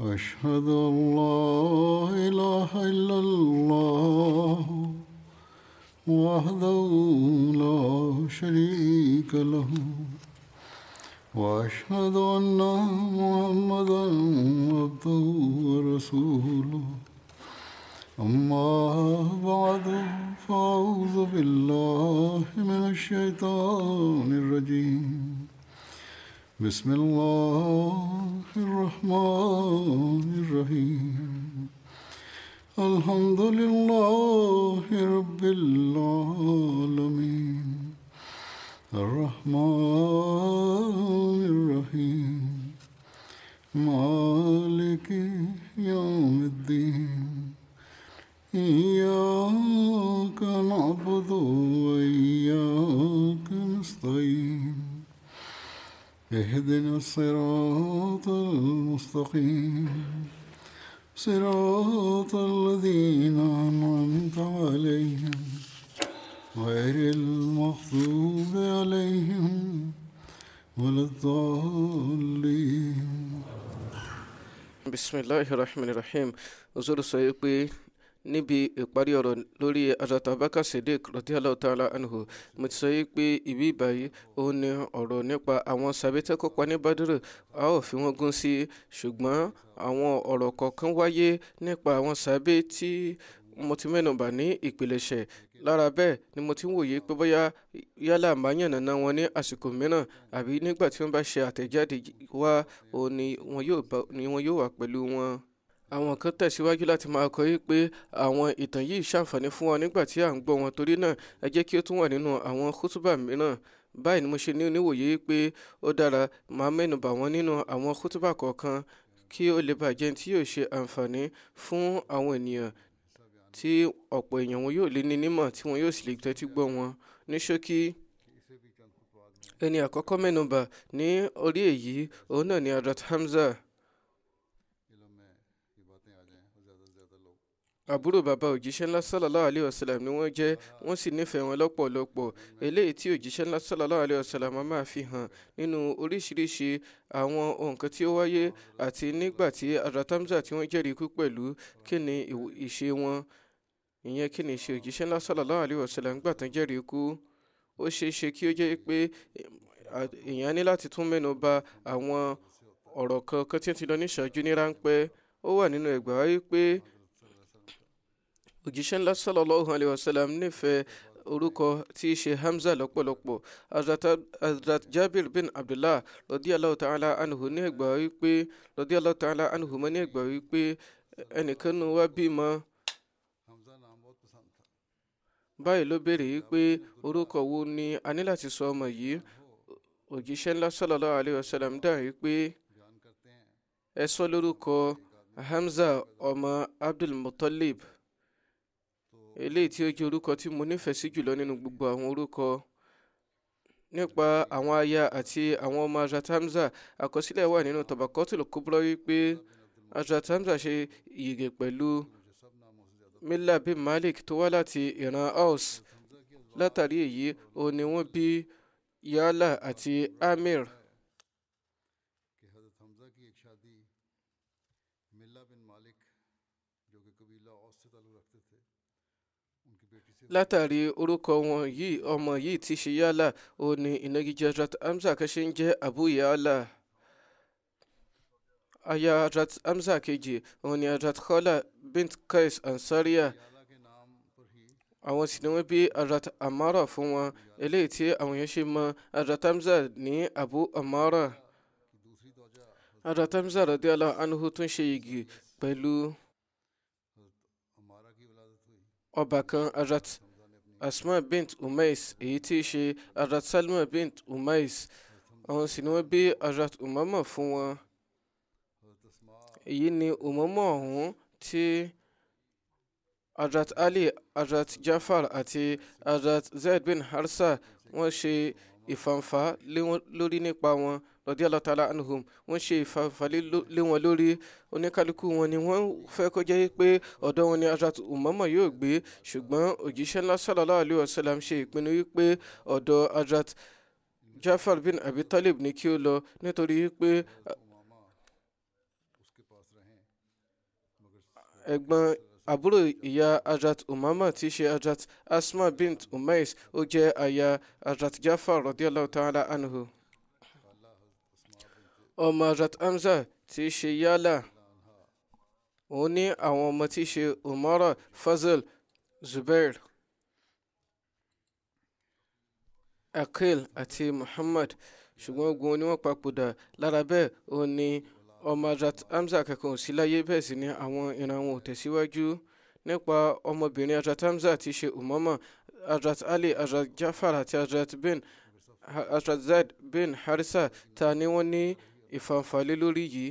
أشهد أن لا إله إلا الله وحده لا شريك له وأشهد أن محمدا عبده ورسوله أما بعد فأعوذ بالله من الشيطان الرجيم بسم الله الرحمن الرحيم الحمد لله رب العالمين الرحمن الرحيم مالك يوم الدين إياك نعبد وإياك نستعين اهدنا الصراط المستقيم صراط الذين أنعمت عليهم غير المغضوب عليهم ولا الضالين بسم الله الرحمن الرحيم حضور سيقي níbi ìparí ọ̀rọ̀ lórí Hazrat Abubakar Siddiq radiyallahu ta'ala anhu mo ti sọ yìí pé ibi ìbàyí òun ni ọ̀rọ̀ nípa àwọn sàbẹ́tẹ̀ kópa ní Badr a ò fi wọ́n gún sí ṣùgbọ́n àwọn ọ̀rọ̀ kọ̀ọ̀kan wáyé nípa àwọn sàbẹ́ tí mo ti mẹ́nubà ní ìpilẹ̀ṣẹ̀ lára bẹ́ẹ̀ ni mo ti ń wòye pé bóyá yálà máa yànnàná wọn ní àsìkò mìíràn àbí nígbà tí wọ́n bá ṣe àtẹ̀jáde wá òun ni wọn yóò wà pẹ̀lú wọn àwọn kan tẹ̀síwájú láti máa kọ yìí pé àwọn ìtàn yìí ṣàǹfààní fún wa nígbà tí à ń gbọ́ wọn torí náà ẹ jẹ́ kí ó tún wà nínú àwọn kútùbà mìíràn báyìí ni mo ṣe ní oníwòye pé ó dára máa mẹ́nubà wọn nínú àwọn kútùbà kọ̀ọ̀kan kí ó lè bàjẹ́ tí yóò ṣe àǹfààní fún àwọn ènìyàn tí ọ̀pọ̀ èèyàn wọn yóò lè ní nímọ̀ tí wọn yóò sì lè tẹ́tí gbọ́ wọn ní ṣókí ẹni àkọ́kọ́ mẹ́nubà ní orí èyí òun náà ni Hazrat Hamza àbúrò bàbá òjíṣẹ́ ńlá sallallahu alayhi wa sallam ni wọ́n jẹ́ wọ́n sì nífẹ̀ẹ́ wọn lọ́pọ̀lọpọ̀ eléyìí tí òjíṣẹ́ ńlá sallallahu alayhi wa sallam máa fi hàn nínú oríṣiríṣi àwọn nǹkan tí ó wáyé àti nígbà tí Hazrat Hamza tí wọ́n jẹ́rìí ikú pẹ̀lú kí ni ìṣe wọn ìyẹn kí ni ìṣe òjíṣẹ́ ńlá sallallahu alayhi wa sallam nígbà tán jẹ́rìí ikú ó ṣeé ṣe kí ó wà nínú ẹ̀gbà wáyé pé òjíṣẹ́ ńlá sallallahu alayhi wa sallam nífẹ̀ẹ́ orúkọ tí í ṣe hamza lọ́pọ̀lọpọ̀ azrat jabir bin abdullah radiyallahu ta'ala anhu ní ẹgbà wípé radiyallahu ta'ala anhu mọ́ ní ẹgbà wípé ẹnìkan nu wá bímọ báyìí ló béèrè wípé orúkọ wo ni a ní láti sọ ọmọ yìí òjíṣẹ́ ńlá sallallahu alayhi dà wípé ẹ sọ lórúkọ hamza ọmọ abdul eléyìí tí ó jẹ́ orúkọ tí mo nífẹ̀ẹ́ sí jùlọ nínú gbogbo àwọn orúkọ nípa àwọn aya àti àwọn ọmọ Hazrat Hamza àkọsílẹ̀ wà nínú Tabaqatul Kubra wípé Hazrat ṣe ìyègè pẹ̀lú Milla bin Malik tó wá láti ìran Aus látàrí èyí òun ni wọ́n bí Yala àti Amir. látàrí orúkọ wọn yìí ọmọ yìí ti ṣe yálà ó ní ìnagijẹ Hazrat Hamza kẹsẹ ń jẹ Abu Yala aya Hazrat Hamza kejì òun ni Hazrat Khala bint Qais Ansariya àwọn sì ni wọ́n bí Hazrat Amara fún wọn eléyìí tí àwọn yẹn ṣe mọ̀ Hazrat Hamza ní Abu Amara Hazrat Hamza radiyallahu anhu tún ṣe yìgì pẹ̀lú ọba kan Hazrat Asma bint Umais èyí tí í ṣe Hazrat Salma bint Umais àwọn sì ni wọ́n bí Hazrat Umama fún wọn èyí ni Umama ọ̀hún tí Hazrat Ali Hazrat Jafar àti Hazrat Zaid bin Harsa wọ́n ṣe ìfànfà lórí nípa wọn radiyallahu ta'ala anhum wọ́n ṣe ìfàfàlẹ́ lé wọn lórí oníkálukú wọn ni wọ́n fẹ́ kó jẹ́ pé ọ̀dọ̀ wọn ni Hazrat Umama yóò gbé ṣùgbọ́n òjíṣẹ́ ńlá sallallahu alayhi wa sallam ṣe ìpinnu wípé ọ̀dọ̀ Hazrat Jafar bin Abi Talib ni kí ó lọ nítorí pé ẹ̀gbọ́n àbúrò ìyá Hazrat Umama tí ṣe Hazrat Asma bint Umais ó jẹ́ aya Hazrat Jafar radiyallahu ta'ala anhu ọmọ Hazrat Hamza tí í ṣe Yálà òun ní àwọn ọmọ tí í ṣe Umara Fazil Zubair Akil àti Muhammad ṣùgbọ́n ogun ni wọ́n papòdà lára bẹ́ẹ̀ òun ní ọmọ Hazrat Hamza kankan ò sí láyé bẹ́ẹ̀ sì ni àwọn ìran wọn ò tẹ̀síwájú nípa ọmọbìnrin Hazrat Hamza tí í ṣe Umama Hazrat Ali Hazrat Jafar àti Hazrat bin Hazrat Zaid bin Harisa ta ni wọ́n ní ìfànfàlẹ́ lórí yìí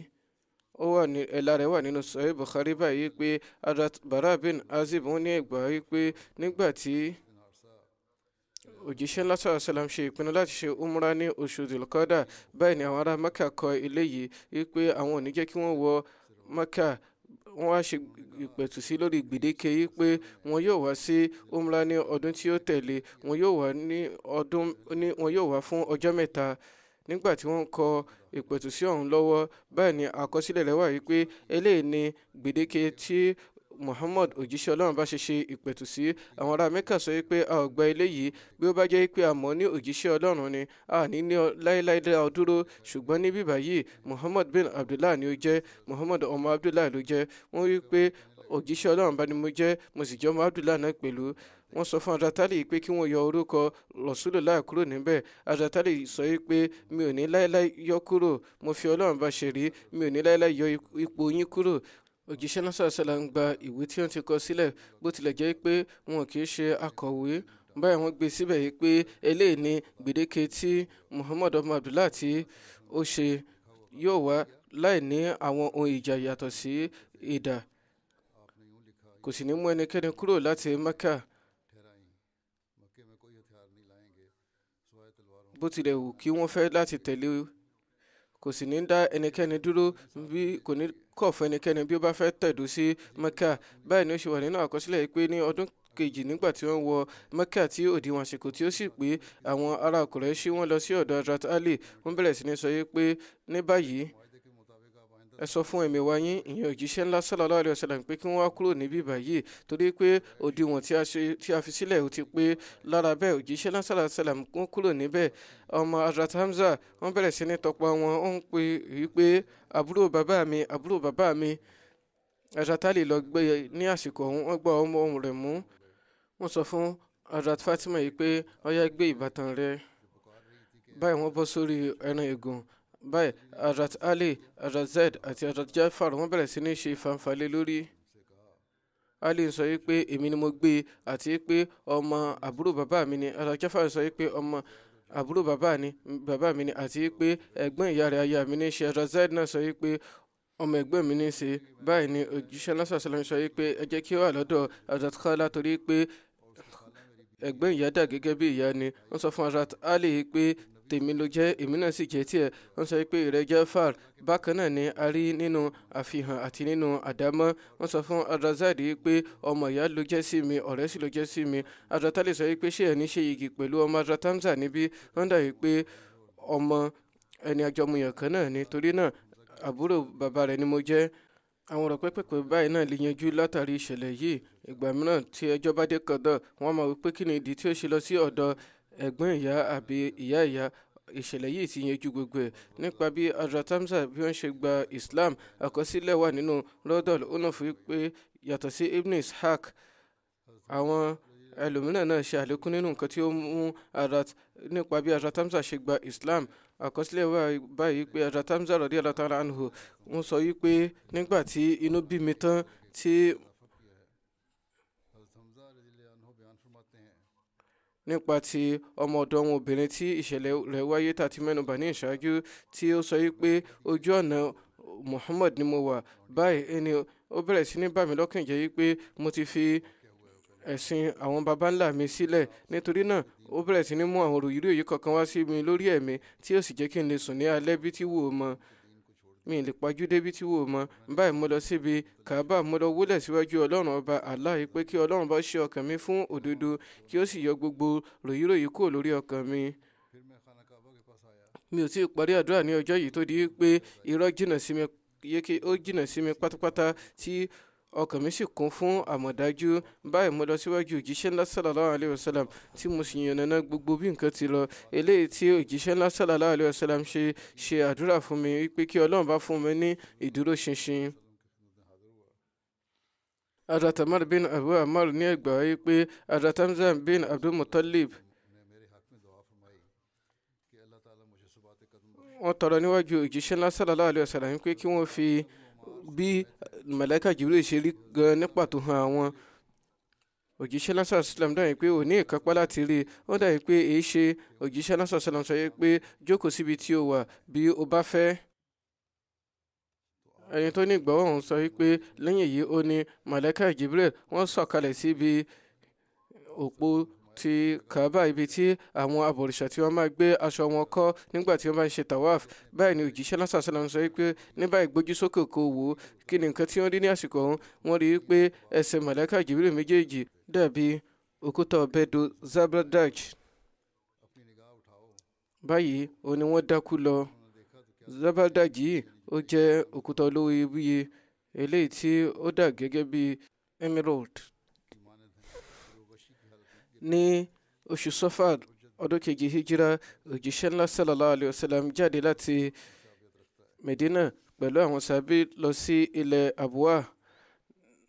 ó wà ní ẹ̀la rẹ̀ wà nínú sọ̀rọ̀ Bukhari báyìí pé Hazrat barab'in bin Azib wọn ní ẹ̀gbà wípé nígbà tí òjíṣẹ́ lásán àṣàlám ṣe ìpinnu láti ṣe umra ní oṣù dìlkọ́dà báyìí ni àwọn ará Maka kọ ilé yìí wípé àwọn ò ní jẹ́ kí wọ́n wọ Maka wọ́n á ṣe ìpẹ̀tù sí lórí gbèdéke yìí pé wọ́n yóò wá sí umra ní ọdún tí ó tẹ̀lé wọ́n yóò wá fún ọjọ́ mẹ́ta nígbà tí wọ́n ń kọ ìpẹ̀tù sí ọ̀hún lọ́wọ́ báyìí ni àkọsílẹ̀ rẹ̀ wà wípé eléyìí ni gbèdéke tí Muhammad òjíṣẹ́ Ọlọ́run bá ṣe ṣe ìpẹ̀tù sí àwọn ará Mẹ́kà sọ pé a ò gba eléyìí bí ó bá jẹ́ pé a mọ̀ ní òjíṣẹ́ Ọlọ́run ni a ní ní láéláé dá ọ dúró ṣùgbọ́n níbí báyìí Muhammad bin Abdullah ni ó jẹ́ Muhammad ọmọ Abdullah ló jẹ́ wọ́n wí òjíṣẹ́ ọlọ́run bá ní mo jẹ́ mo sì jẹ́ ọmọ abdullahi náà pẹ̀lú wọ́n sọ fún adatali pé kí wọ́n yọ orúkọ Rasulullah kúrò níbẹ̀ adatali sọ pé mi ò ní láéláé yọ kúrò mo fi ọlọ́run bá ṣe rí mi ò ní láéláé yọ ipò yín kúrò òjíṣẹ́ náà sàṣàlà ń gba ìwé tí wọ́n ti kọ sílẹ̀ bó tilẹ̀ jẹ́ pé wọn kì í ṣe akọ̀wé báyìí wọ́n gbé síbẹ̀ yìí pé eléyìí ni gbèdéke tí Muhammad ọmọ Abdullah tí ó ṣe yóò wá láì ní àwọn ohun ìjà yàtọ̀ sí ìdà kò sì ní mú ẹnikẹ́ni kúrò láti mẹ́kà bó tilẹ̀ wù kí wọ́n fẹ́ láti tẹ̀lé kò sì ní dá ẹnikẹ́ni dúró bí kò ní kọ̀ fún ẹnikẹ́ni bí ó bá fẹ́ tẹ̀dó sí mẹ́kà báyìí ni ó ṣe wà nínú àkọsílẹ̀ pé ní ọdún kejì nígbà tí wọ́n wọ mẹ́kà tí òdiwọ̀n àsìkò tí ó sì pé àwọn ará Kùrẹ́ṣì wọ́n lọ sí ọ̀dọ̀ Hazrat Ali wọ́n bẹ̀rẹ̀ sí ní sọ yé pé ní báyìí ẹ sọ fún ẹ̀mí wa yín ìyẹn òjíṣẹ́ ńlá sallallahu alaihi wasallam pé kí wọ́n wá kúrò níbí báyìí torí pé òdiwọ̀n tí a fi sílẹ̀ ó ti pé lára bẹ́ẹ̀ òjíṣẹ́ ńlá sallallahu alaihi wasallam kún kúrò níbẹ̀ ọmọ Hazrat Hamza wọ́n bẹ̀rẹ̀ sí ní tọpa wọn ó ń pè é pé àbúrò bàbá mi àbúrò bàbá mi Hazrat Ali lọ gbé e ní àsìkò ọ̀hún wọ́n gba ọmọ ọ̀hún rẹ̀ mú wọ́n sọ fún Hazrat Fatima yìí pé ó yá gbé ìbátan rẹ̀ báyìí wọ́n bọ́ sórí ẹran ègùn báyìí Hazrat Ali Hazrat Zaid àti Hazrat Jafar wọ́n bẹ̀rẹ̀ sí ní ṣe fanfalẹ̀ lórí Ali sọ wípé èmi ni mo gbé e àti pé ọmọ àbúrò bàbá mi ni Hazrat Jafar sọ wípé ọmọ àbúrò bàbá ni bàbá mi ni àti pé ẹ̀gbọ́n ìyá rẹ̀ aya mi ní ṣe Hazrat Zaid náà sọ wípé ọmọ ẹgbẹ́ mi ní ṣe báyìí ni òjíṣẹ́ lọ́sàn-án sọlọ́mí sọ wípé ẹ kí ó wà lọ́dọ̀ Hazrat Khala torí pé ẹgbẹ́ ìyá dà gẹ́gẹ́ bí ìyá ni wọ́n sọ fún Hazrat Ali pé tèmi ló jẹ́ èmi náà sì jẹ́ tiẹ̀ wọ́n sọ pé ìrẹ́ Jafar bákan náà ni a rí nínú àfihàn àti nínú àdámọ́ wọ́n sọ fún Adrazadi pé ọmọ ìyá ló jẹ́ sí mi ọ̀rẹ́ sì ló jẹ́ sí mi Adratali sọ pé ṣé ẹni ṣe igi pẹ̀lú ọmọ Adratamsa níbí wọ́n dà wípé ọmọ ẹni àjọmọyàn kan náà ni torí náà àbúrò bàbá rẹ̀ ni mo jẹ́ àwọn ọ̀rọ̀ pẹ́pẹ́pẹ́ báyìí náà lè yanjú látàrí ìṣẹ̀lẹ̀ yìí ìgbà mìíràn tí ẹjọ́ bá dé kọ̀dọ̀ wọ́n máa wípé kí ni ìdí tí ó ṣe lọ sí ọ̀dọ̀ ẹ̀gbọ́n ìyá àbí ìyá ìyá ìṣẹ̀lẹ̀ yìí ti yanjú gbogbo ẹ̀ nípa bí Hazrat Hamza bí wọ́n ṣe gba Islam àkọsílẹ̀ wà nínú rọ́dọ̀l ó náà fi pé yàtọ̀ sí Ibn Ishaq àwọn ẹlòmíràn náà ṣe àlékún nínú nǹkan tí ó mú Hazrat nípa bí Hazrat ṣe gba Islam àkọsílẹ̀ wà báyìí pé Hazrat Hamza radiyallahu ta'ala anhu wọ́n sọ wípé nígbà tí inú bí mi tán tí nípa ti ọmọ ọ̀dọ̀ wọn obìnrin tí ìṣẹ̀lẹ̀ rẹ̀ wáyé tàti mẹ́nubà ní ìṣáájú tí ó sọ wípé ojú ọ̀nà Muhammad ni mo wà báyìí ẹni ó bẹ̀rẹ̀ sí ní bà mí lọ́kàn jẹ́ wípé mo ti fi ẹ̀sìn àwọn baba ńlá mi sílẹ̀ nítorí náà ó bẹ̀rẹ̀ sí ní mú àwọn òròyìnròyìn kọ̀ọ̀kan wá sí mi lórí ẹ̀mí tí ó sì jẹ́ kí n lè sùn ní alẹ́ bí tí wò ó mọ́ mi lè pajú débi tí wò mọ báyìí mo lọ síbi kà á kàbá mo lọ wúlẹ̀ síwájú ọlọ́run ọba aláì pé kí ọlọ́run bá ṣe ọkàn mi fún òdodo kí ó sì yọ gbogbo ròyìnròyìn kúrò lórí ọkàn mi mi ò tí ì parí àdúrà ní ọjọ́ yìí tó di pé irọ́ jìnnà sí mi jìnnà sí mi pátápátá tí ọkàn mi sì kún fún àmọ̀dájú báyìí mo lọ síwájú òjíṣẹ́ ńlá sallallahu alayhi wa sallam tí mo sì yànnàná gbogbo bí nǹkan ti lọ eléyìí tí òjíṣẹ́ ńlá sallallahu alayhi wa sallam ṣe ṣe àdúrà fún mi wípé kí ọlọ́run bá fún mi ní ìdúróṣinṣin. Adatamar bin Abu Amar ní ẹgbà wípé Adatamzan bin Abdul Muttalib wọ́n tọrọ níwájú òjíṣẹ́ ńlá sallallahu alayhi wa sallam wípé kí wọ́n fi bí màláíkà jibril ṣe rí gan ní pàtó hàn àwọn òjíṣẹ́ lásán islam dàbí pé òní ìkápá láti rí ó dàbí pé èyí ṣe òjíṣẹ́ lásán islam sọ pé jókòó síbi tí o wà bí o bá fẹ́ ẹni tó ní ìgbọ́wọ́ ọ̀hún sọ pé lẹ́yìn èyí ó ní màláíkà jibril wọ́n sọ̀kalẹ̀ síbi òpó ti kaaba ibi tí àwọn abọ̀rìṣà tí wọ́n máa gbé aṣọ wọn kọ́ nígbà tí wọ́n bá ń ṣe tawaf báyìí ni òjíṣẹ́ lásán sọ́lá ń sọ wípé ní báyìí gbójú sókè kó wò ó kí ni nǹkan tí wọ́n rí ní àsìkò ọ̀hún wọ́n rí i pé ẹsẹ̀ màláíkà Jibril méjèèjì dàbí òkúta ọ̀bẹ́dọ̀ zabradaj báyìí ó ní wọ́n dákú lọ zabradaj yìí ó jẹ́ òkúta olówó iyebíye eléyìí tí ó dà gẹ́gẹ́ bíi emerald ní oṣù sọfàd ọdún kejì hijira òjíṣẹ́ ńlá sallallahu alayhi wa sallam jáde láti medina pẹ̀lú àwọn sábẹ́ lọ sí ilẹ̀ abuwa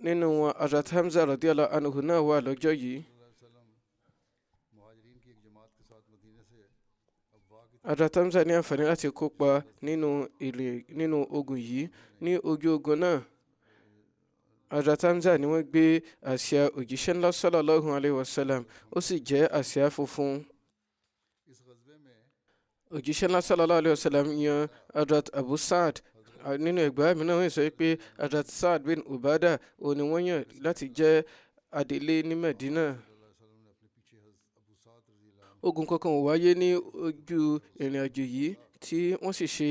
nínú wọn Hazrat Hamza radiyallahu anhu náà wà lọ́jọ́ yìí. Hazrat Hamza ní àǹfààní láti kópa nínú ogun yìí ní ojú ogun náà ọ̀dọ̀ Tanza ni wọ́n gbé àsíá òjíṣẹ́ ńlá sallallahu alayhi wa sallam ó sì jẹ́ àsíá funfun òjíṣẹ́ ńlá sallallahu alayhi wa sallam yan adrat abu saad nínú ẹgbẹ́ mi náà wọ́n sọ pé adrat saad bin ubada òun ni wọ́n yàn láti jẹ́ adelé ní medina ogun kankan wáyé ní ojú ìrìn àjò yìí tí wọ́n sì ṣe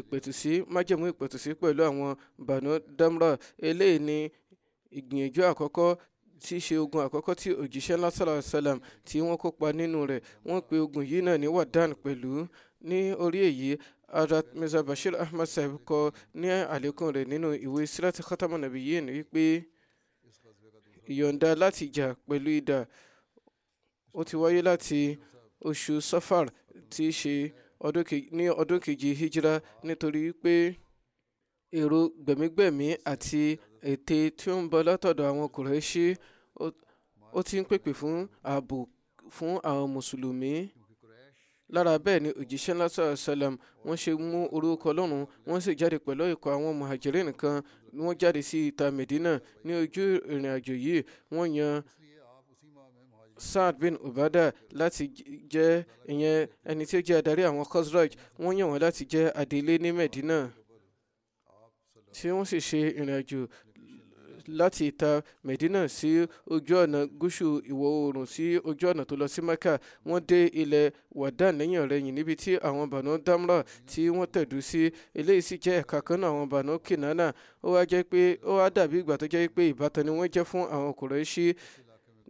ìpètùsí májẹ̀mú ìpètùsí pẹ̀lú àwọn Banu Damra eléyìí ni ìgbìyànjú àkọ́kọ́ tí í ṣe ogun àkọ́kọ́ tí òjíṣẹ́ ńlá sàlàyé sàlám tí wọ́n kópa nínú rẹ̀ wọ́n pe ogun yìí náà ní Wadan pẹ̀lú ní orí èyí Hazrat Mirza Bashir Ahmad Sahib kọ ní àlékún rẹ̀ nínú ìwé Sirat Khatamun Nabiyyin wípé ìyọ̀ǹda láti jà pẹ̀lú idà ó ti wáyé láti oṣù Safar tí í ṣe ní ọdún kejì hijra nítorí pé èrò gbẹ̀mígbẹ̀mí àti ète tí ó ń bọ̀ látọ̀dọ̀ àwọn Kùrẹ́ṣì ó ti ń pèpè fún ààbò fún àwọn mùsùlùmí lára bẹ́ẹ̀ ni òjíṣẹ́ lásán salam wọ́n ṣe mú orúkọ ọlọ́run wọ́n sì jáde pẹ̀lú ikọ̀ àwọn muhajirin kan wọ́n jáde sí ìta medina ní ojú ìrìn àjò yìí wọ́n yan saad bin ubada láti jẹ́ ìyẹn ẹni tí ó jẹ́ adarí àwọn khosraj wọ́n yàn wọ́n láti jẹ́ adelé ní medina tí wọ́n sì ṣe ìrìnàjò láti ìta medina sí ojú ọ̀nà gúúsù ìwọ̀ oòrùn sí ojú ọ̀nà tó lọ sí mecca wọ́n dé ilẹ̀ wadan lẹ́yìn ọ̀rẹ́yìn níbi tí àwọn bànú damra tí wọ́n tẹ̀dú sí eléyìí sì jẹ́ ẹ̀ka kan náà àwọn bànú kinana ó wá jẹ́ pé ó wá dàbí ìgbà tó jẹ́ pé ìbátan ni wọ́n jẹ́ fún àwọn Quraishi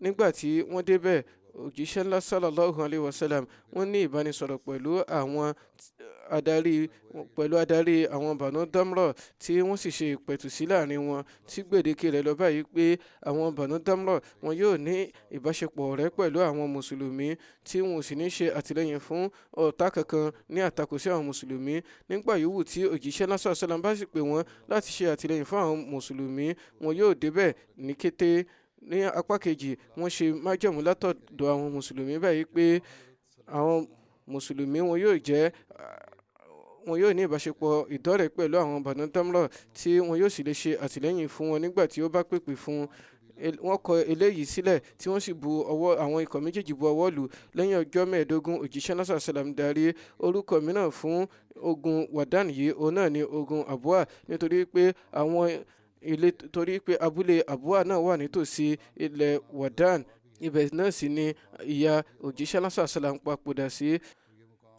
nígbà tí wọ́n débẹ̀ òjíṣẹ́ ńlá sallallahu alayhi wa sallam wọ́n ní ìbánisọ̀rọ̀ pẹ̀lú àwọn adarí pẹ̀lú adarí àwọn bànú dámrọ̀ tí wọ́n sì ṣe ìpẹ̀tù sí láàrin wọn tí gbèdéke rẹ̀ lọ báyìí pé àwọn bànú dámrọ̀ wọn yóò ní ìbáṣepọ̀ rẹ̀ pẹ̀lú àwọn mùsùlùmí tí wọn ò sì ní ṣe àtìlẹ́yìn fún ọ̀tá kankan ní àtakò sí àwọn mùsùlùmí nígbà yòówù tí òjíṣẹ́ ńlá sallallahu alayhi bá sì pè wọ́n láti ṣe àtìlẹ́yìn fún àwọn mùsùlùmí wọn yóò débẹ̀ ní kété ní apá kejì wọ́n ṣe májẹ̀mú látọ̀dọ̀ àwọn mùsùlùmí báyìí pé àwọn mùsùlùmí wọn yóò jẹ́ wọn yóò ní ìbáṣepọ̀ ìdọ́rẹ̀ẹ́ pẹ̀lú àwọn Banu Damra tí wọn yóò sì lè ṣe àtìlẹ́yìn fún wọn nígbà tí ó bá pèpè fún wọn kọ eléyìí sílẹ̀ tí wọ́n sì bu ọwọ́ àwọn ikọ̀ méjèèjì bu ọwọ́ lù lẹ́yìn ọjọ́ mẹ́ẹ̀ẹ́dógún òjíṣẹ́ náà sàlám darí orúkọ mìíràn fún ogun Wàdán yìí òun náà ni ogun Àbúà nítorí pé àwọn ilé torí pé abúlé àbúwà náà wà nítòsí ilẹ̀ Wadan ibẹ̀ náà sì ni ìyá òjíṣẹ́ lásà sàlám papòdà sí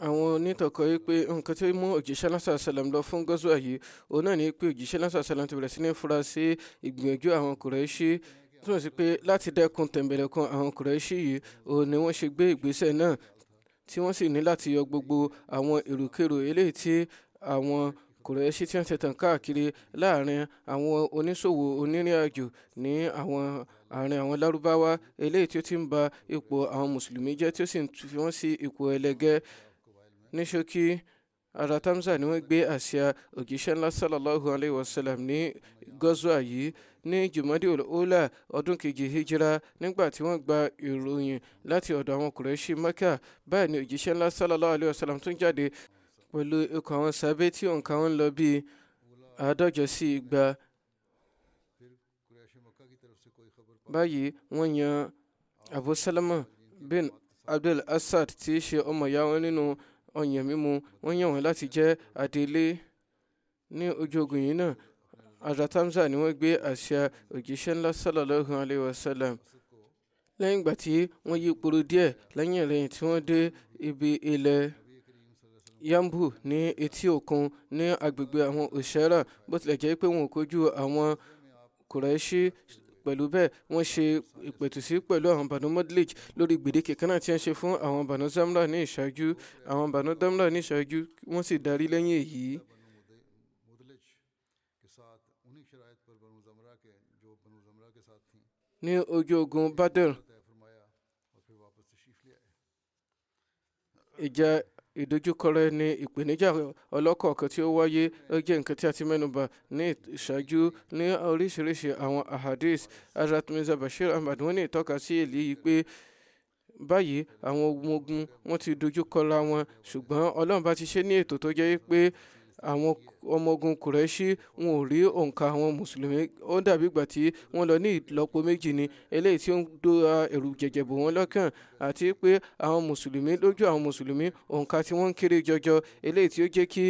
àwọn onítọ̀kọ̀ yìí pé nǹkan tó mú òjíṣẹ́ lásà sàlám lọ fún gọ́sùwà yìí òun náà ni pé òjíṣẹ́ lásà sàlám ti bẹ̀rẹ̀ sí ní fura sí ìgbìyànjú àwọn Kùrẹ́ṣì túmọ̀ sí pé láti dẹ́kun tẹ̀m̀bẹ̀lẹ̀kun àwọn Kùrẹ́ṣì yìí òun ni wọ́n ṣe gbé ìgbésẹ̀ náà tí wọ́n sì ní láti yọ gbogbo àwọn èròkèrò eléyìí tí àwọn kùrẹ́ṣì tí wọ́n ti tàn káàkiri láàrin àwọn oníṣòwò onírìn àjò ní àwọn àárín àwọn lárúbáwá eléyìí tí ó ti ń ba ipò àwọn mùsùlùmí jẹ́ tí ó sì ń fi wọ́n sí ipò ẹlẹgẹ́ ní ṣókí ara tamza ni wọ́n gbé àsíá òjíṣẹ́ ńlá sallallahu alayhi wa sallam ní gọ́zúà yìí ní jùmọ́dé ọ̀la ọdún kejì hijira nígbà tí wọ́n gba ìròyìn láti ọ̀dọ̀ àwọn kùrẹ́ṣì mẹ́kà báyìí ni òjíṣẹ́ ńlá sallallahu alayhi wa sallam tún jáde pẹ̀lú ikọ̀ àwọn sàbẹ̀ tí òǹkà wọn lọ bíi àádọ́jọ sí igba. báyìí wọ́n yan abu salama bin abdul asad tí í ṣe ọmọ ìyá wọn nínú ọyàn mímu wọ́n yàn wọ́n láti jẹ́ adelé ní ojú ogun yìí náà Hazrat Hamza ni wọ́n gbé àṣà òjíṣẹ́ ńlá sallallahu alayhi wa sallam lẹ́yìn ìgbà tí wọ́n yí ipòrò díẹ̀ lẹ́yìn ìrẹ̀yìn tí wọ́n dé ibi ilẹ̀. Yambu ní etí òkun ní agbègbè àwọn òṣèrà bó tilẹ̀ jẹ́ pé wọn ò kojú àwọn Kùrẹ́ṣì pẹ̀lú bẹ́ẹ̀ wọ́n ṣe ìpẹ̀tùsí pẹ̀lú àwọn Banu Mudlij lórí gbèdéke kan náà tí wọ́n ṣe fún àwọn Banu Zamra ní ìṣáájú àwọn Banu Damra ní ìṣáájú wọ́n sì darí lẹ́yìn èyí. ní ojú ogun Badr ìjà ìdojúkọrẹ ní ìpèníjà ọlọ́kọ̀ọ̀kan tí ó wáyé ó jẹ́ nǹkan tí a ti mẹ́nuba ní ìṣáájú ní oríṣiríṣi àwọn ahadis Hazrat Mirza Bashir Ahmad wọ́n ní ìtọ́ka sí èlé yìí pé báyìí àwọn ọmọ ogun wọ́n ti dojúkọra wọn ṣùgbọ́n Ọlọ́run bá ti ṣe ní ètò tó jẹ́ pé àwọn ọmọ ogun kùrẹ́ṣì wọn ò rí òǹkà àwọn mùsùlùmí ó dàbí ìgbà tí wọ́n lọ ní ìlọ́po méjì ni eléyìí tí ó ń dóra ẹ̀rù jẹ̀jẹ̀ bò wọ́n lọ́kàn àti pé àwọn mùsùlùmí lójú àwọn mùsùlùmí òǹkà tí wọ́n ń kéré jọjọ eléyìí tí ó jẹ́ kí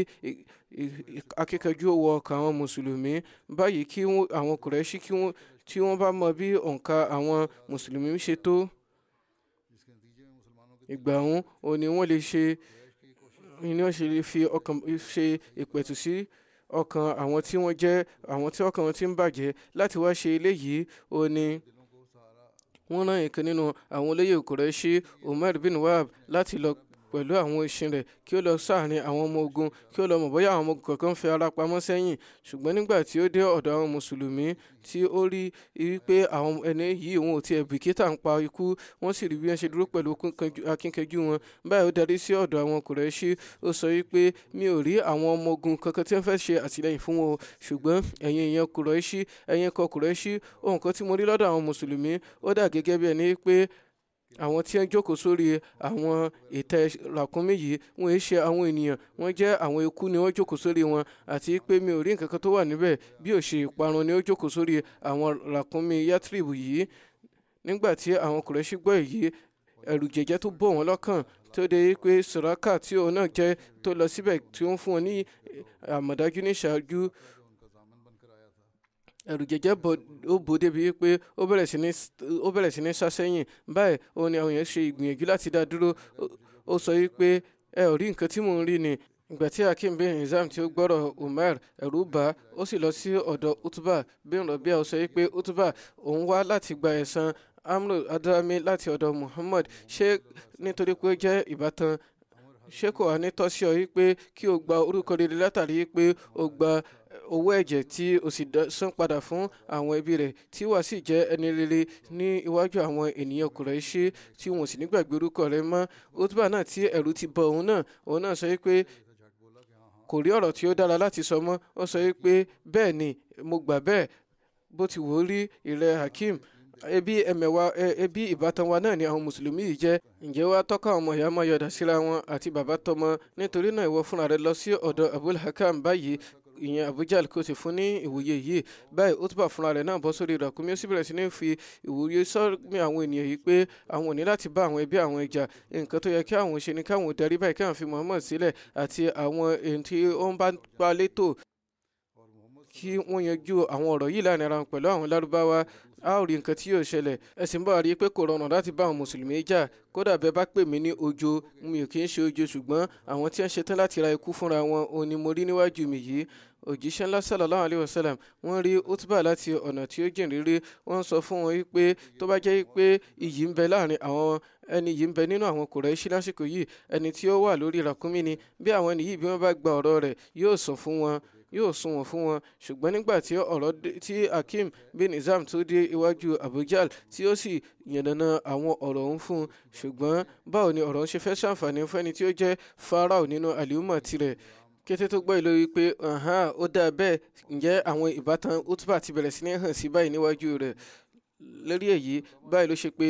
akíkanjú wọ ọkàn àwọn mùsùlùmí báyìí kí àwọn kùrẹ́ṣì tí wọ́n bá mọ bí òǹkà àwọn mùsùlùmí ṣe tó ìgbà òun òní wọ́n lè ṣe ni wọ́n ṣe lè fi ọkàn ṣe ìpẹ̀tù sí ọkàn àwọn tí wọ́n jẹ́ àwọn tí ọkàn wọn ti ń bàjẹ́ láti wá ṣe eléyìí ó ní wọ́n rán ìkan nínú àwọn olóyè Kùrẹ́ṣì Umar bin Wahab láti lọ pẹ̀lú àwọn ìṣin rẹ̀ kí ó lọ sáàárín àwọn ọmọ ogun kí ó lọ mọ̀ bóyá àwọn ọmọ ogun kankan fi ara pamọ́ sẹ́yìn ṣùgbọ́n nígbà tí ó dé ọ̀dọ̀ àwọn mùsùlùmí tí ó rí i pé àwọn ẹni yìí wọn ò tiẹ̀ bìkítà ń pa ikú wọ́n sì rí bí wọ́n ṣe dúró pẹ̀lú akíkanjú wọn báyìí ó darí sí ọ̀dọ̀ àwọn kùrẹ́ṣí ó sọ wípé mi ò rí àwọn ọmọ ogun kankan tí wọ́n fẹ́ ṣe àtìlẹ́yìn fún wọn ṣùgbọ́n ẹ̀yin èèyàn kùrẹ́ṣí ẹ̀yin ẹ̀kọ́ kùrẹ́ṣí ohun kan tí mo rí lọ́dọ̀ àwọn mùsùlùmí ó dà gẹ́gẹ́ bí ẹni pé àwọn tí ń jókòó sórí àwọn ìtẹ́ làkúnmí yìí wọ́n ń e ṣe àwọn ènìyàn wọ́n jẹ́ àwọn eku ni wọ́n jókòó sórí wọn àti pé mi ò rí nǹkan kan tó wà níbẹ̀ bí ò ṣe ìparun ni ó jókòó sórí àwọn làkúnmí Yatrib yìí nígbà tí àwọn Kùrẹ́ṣì gbọ́ èyí ẹ̀rù jẹ̀jẹ̀ tó bọ̀ wọ́n lọ́kàn tó de pé Sùrákà tí òun náà jẹ́ tó lọ síbẹ̀ tí ó fún wọn ní àmọ̀dájú ní ìṣáájú ẹ̀rù jẹjẹ ó bò débi pé ó bẹ̀rẹ̀ sí ní sásẹ́yìn báyìí òun ni àwọn èèyàn ṣe ìgbìyànjú láti dá dúró ó sọ wípé ẹ ò rí nǹkan tí mò ń rí ni ìgbà tí Hakim bin Hizam tí ó gbọ́rọ̀ Umar ẹ̀rù bà ó sì lọ sí ọ̀dọ̀ Utuba bin Rabia ó sọ wípé Utuba òun wá láti gba ẹ̀san Amru Adrami láti ọ̀dọ̀ Muhammad ṣé nítorí pé ó jẹ́ ìbátan ṣé kò wá ní tọ́sí ọ wípé kí o gba orúkọ rere látàrí pé o gba owó ẹ̀jẹ̀ tí ó sì san padà fún àwọn ẹbí rẹ̀ tí wàá sì jẹ́ ẹni rere ní iwájú àwọn ènìyàn Kùrẹ́ṣì tí wọ́n sì nígbàgbé orúkọ rẹ̀ mọ́ òtúbà náà tí ẹ̀rù ti bọ òun náà òun náà sọ pé kò rí ọ̀rọ̀ tí ó dára láti sọ mọ́ ó sọ pé bẹ́ẹ̀ ni mo gbà bẹ́ẹ̀ bó ti wò ó rí ìrẹ́ Hakeem ẹbí ẹmẹ̀wà ẹbí ìbátan wa náà ni àwọn mùsùlùmí yìí jẹ́ ǹjẹ́ wàá tọ́ka ọmọ ìyá máa yọ̀dà síra wọn àti bàbá tọmọ nítorí náà ìwọ fúnra rẹ lọ sí ọ̀dọ̀ Abul Hakam báyìí ìyẹn Abuja Al-Koty fún ní ìwòye yìí báyìí Utbah fúnra rẹ̀ náà bọ́ sórí ìràkúnmí ó sì bẹ̀rẹ̀ sí ní fi ìwòye sọ́mi àwọn ènìyàn yìí pé àwọn ò ní láti bá àwọn ẹbí àwọn ìjà nǹkan tó yẹ kí àwọn ṣe ni káwọn darí báyìí káwọn fi Muhammad sílẹ̀ àti àwọn èyí tí ó ń bá létò kí wọ́n yanjú àwọn ọ̀rọ̀ yìí láàrin ara wọn pẹ̀lú àwọn lárúbáwá a ò rí nǹkan tí yóò ṣẹlẹ̀ ẹ sì ń bá rí i pé kò rọrùn láti bá àwọn mùsùlùmí jà kódà bẹ́ẹ̀ bá pè mí ní ojo mi ò kì í ṣe ojo ṣùgbọ́n àwọn tí wọ́n ṣetán láti ra ikú fúnra wọn òun ni mo rí níwájú mi yìí òjíṣẹ́ ńlá sallallahu alayhi wa sallam wọ́n rí utba láti ọ̀nà tí ó jìn rírí wọ́n sọ fún wọn wípé tó bá jẹ́ wípé iyì ń bẹ láàrin àwọn ẹni yìí ń bẹ nínú àwọn Kùráíṣì lásìkò yìí ẹni tí ó wà lórí ràkúnmí ni bí àwọn ẹni yìí bí wọ́n bá gba ọ̀rọ̀ rẹ̀ yóò sọ fún wọn yóò sunwọ̀n fún wọn ṣùgbọ́n nígbà tí ọ̀rọ̀ tí Hakeem bin Izam tó dé iwájú Abujal tí ó sì yànnàna àwọn ọ̀rọ̀ ń fún un ṣùgbọ́n báwo ni ọ̀rọ̀ ń ṣe fẹ́ ṣàǹfààní fún ẹni tí ó jẹ́ Farao nínú àlìhùmà tirẹ̀ kété tó gbọ́ ìlú wípé ó dáa bẹ́ẹ̀ ǹjẹ́ àwọn ìbátan Utbah ti bẹ̀rẹ̀ sí ní hàn sí báyìí níwájú rẹ̀ lórí èyí báyìí ló ṣe pé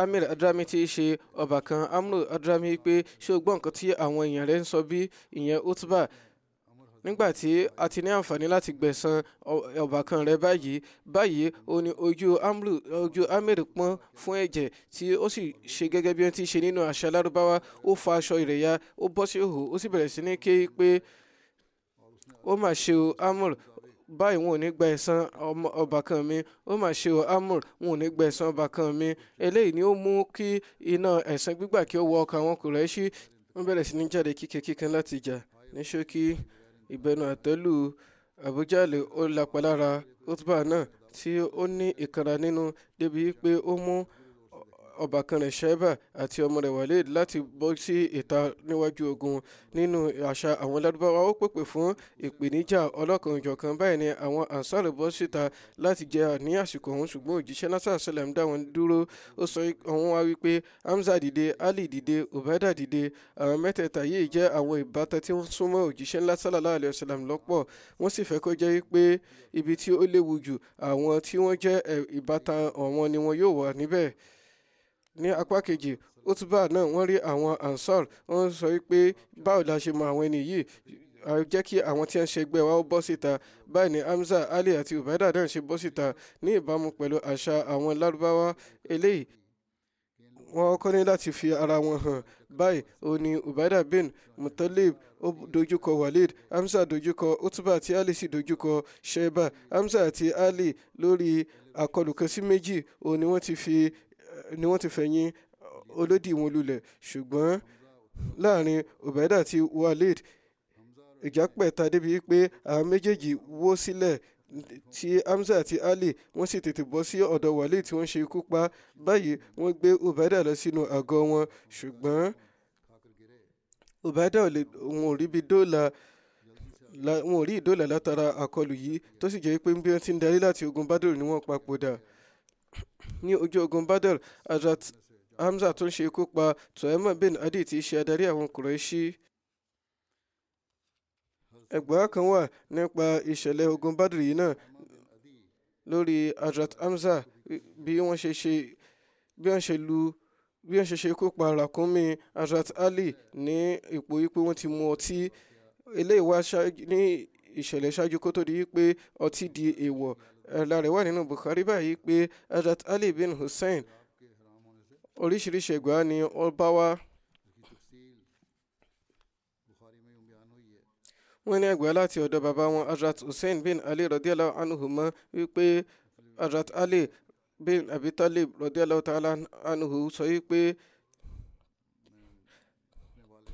amir adrami ti ṣe ọbàkan amro adrami pé ṣé o gbọ́ nǹkan tí àwọn èèyàn rẹ̀ ń sọ bí ìyẹn Utbah nígbà tí a ti ní àǹfààní láti gbẹ̀san ọ̀bàkan rẹ̀ báyìí báyìí ó ní ojú amlu ojú amir pọ́n fún ẹ̀jẹ̀ tí ó sì ṣe gẹ́gẹ́ bí wọ́n ti ṣe nínú àṣà lárúbáwá ó fa aṣọ ìrẹ̀yà ó bọ́ sí òhò ó sì bẹ̀rẹ̀ sí ní ké pé ó mà ṣe o amur báyìí wọn ò ní gba ẹ̀san ọbàkan mi ó mà ṣe o amur wọn ò ní gba ẹ̀san ọbàkan mi eléyìí ni ó mú kí iná ẹ̀san gbígbà kí ó wọ ọkàn àwọn Kùrẹ́ṣì wọ́n bẹ̀rẹ̀ sí ní jáde kíkẹ́kíkẹ́ láti jà ní ṣókí ìbẹnu àtẹ́lù àbújáde ó lapa lára khutbah náà tí ó ní ìkanra nínú débi pé ó mú ọbàkanrẹ̀ sheba àti ọmọ rẹ̀ walid láti bọ́ sí ìta níwájú ogun nínú àṣà àwọn ládùbáwá ó pèpè fún ìpèníjà ọlọ́kan ìjọ̀kan báyìí ni àwọn ansar bọ́ síta láti jẹ ní àsìkò ọ̀hún ṣùgbọ́n òjíṣẹ́ nasa salam dá wọn dúró ó sọ ọ̀hún wá wípé hamza dìde ali dìde obada dìde àwọn mẹ́tẹ̀ẹ̀ta yìí jẹ́ àwọn ìbátan tí wọ́n súnmọ́ òjíṣẹ́ ńlá sallallahu alayhi wa sallam lọ́pọ̀ wọ́n sì fẹ́ kó jẹ́ wípé ibi tí ó léwu jù àwọn tí wọ́n jẹ́ ìbátan ọ̀wọ́n ni wọn yóò wà níbẹ̀ ní apá kejì utba náà wọ́n rí àwọn ansar wọ́n sọ pé báwo la ṣe mọ àwọn ẹni yìí jẹ́ kí àwọn tí ń ṣẹgbẹ́ wa ó bọ́ síta báyìí ni Hamza Ali àti Ubaida náà ṣe bọ́ síta ní ìbámu pẹ̀lú àṣà àwọn lárúbáwá eléyìí wọ́n kọ́ ní láti fi ara wọn hàn báyìí ó ní Ubaida bin Mutalib ó dojúkọ Walid Hamza dojúkọ Utba àti Ali sì dojúkọ Sheba Hamza àti Ali lórí àkọlùkẹsí méjì ó ní wọ́n ti fi ni wọ́n ti fẹ̀yìn uh, olódì wọn lulẹ̀ ṣùgbọ́n láàrin Ubaida àti Walid ìjà pẹ̀ta débi pé àwọn méjèèjì wó sílẹ̀ tí Hamza àti Ali wọ́n sì tètè bọ́ sí ọ̀dọ̀ Walid tí wọ́n ṣe ikú pa báyìí wọ́n gbé Ubaida lọ sínú àgọ́ wọn ṣùgbọ́n Ubaida òun ò rí bí dóòlà wọn ò rí ìdóòlà látara àkọlù yìí tó sì jẹ́ pé bí wọ́n ti ń darí láti ogun Badr ni wọ́n papòdà ní ojú ogun badr hazrat hamza tó ń ṣe ikú pa tuhaima bin adi tí í ṣe adarí àwọn kùrẹ́ṣí ẹgbàá kan wà nípa ìṣẹ̀lẹ̀ ogun badr yìí náà lórí hazrat hamza bí wọ́n ṣe ṣe bí wọ́n ṣe lu bí wọ́n ṣe ṣe ikú pa ràkúnmí hazrat ali ní ipò yìí pé wọ́n ti mu ọtí eléyìí wá ní ìṣẹ̀lẹ̀ ṣáájú kó tó di pé ọtí di èèwọ̀ ẹ̀làrẹ̀ wà nínú Bukhari báyìí pé Hazrat Ali bin Hussein oríṣiríṣi ìgbà ni ó bá wá. wọ́n ní ẹgbẹ́ láti ọ̀dọ̀ bàbá wọn Hazrat Hussein bin Ali radiyallahu anhuma wípé Hazrat Ali bin Abi Talib radiyallahu ta'ala anhu sọ wípé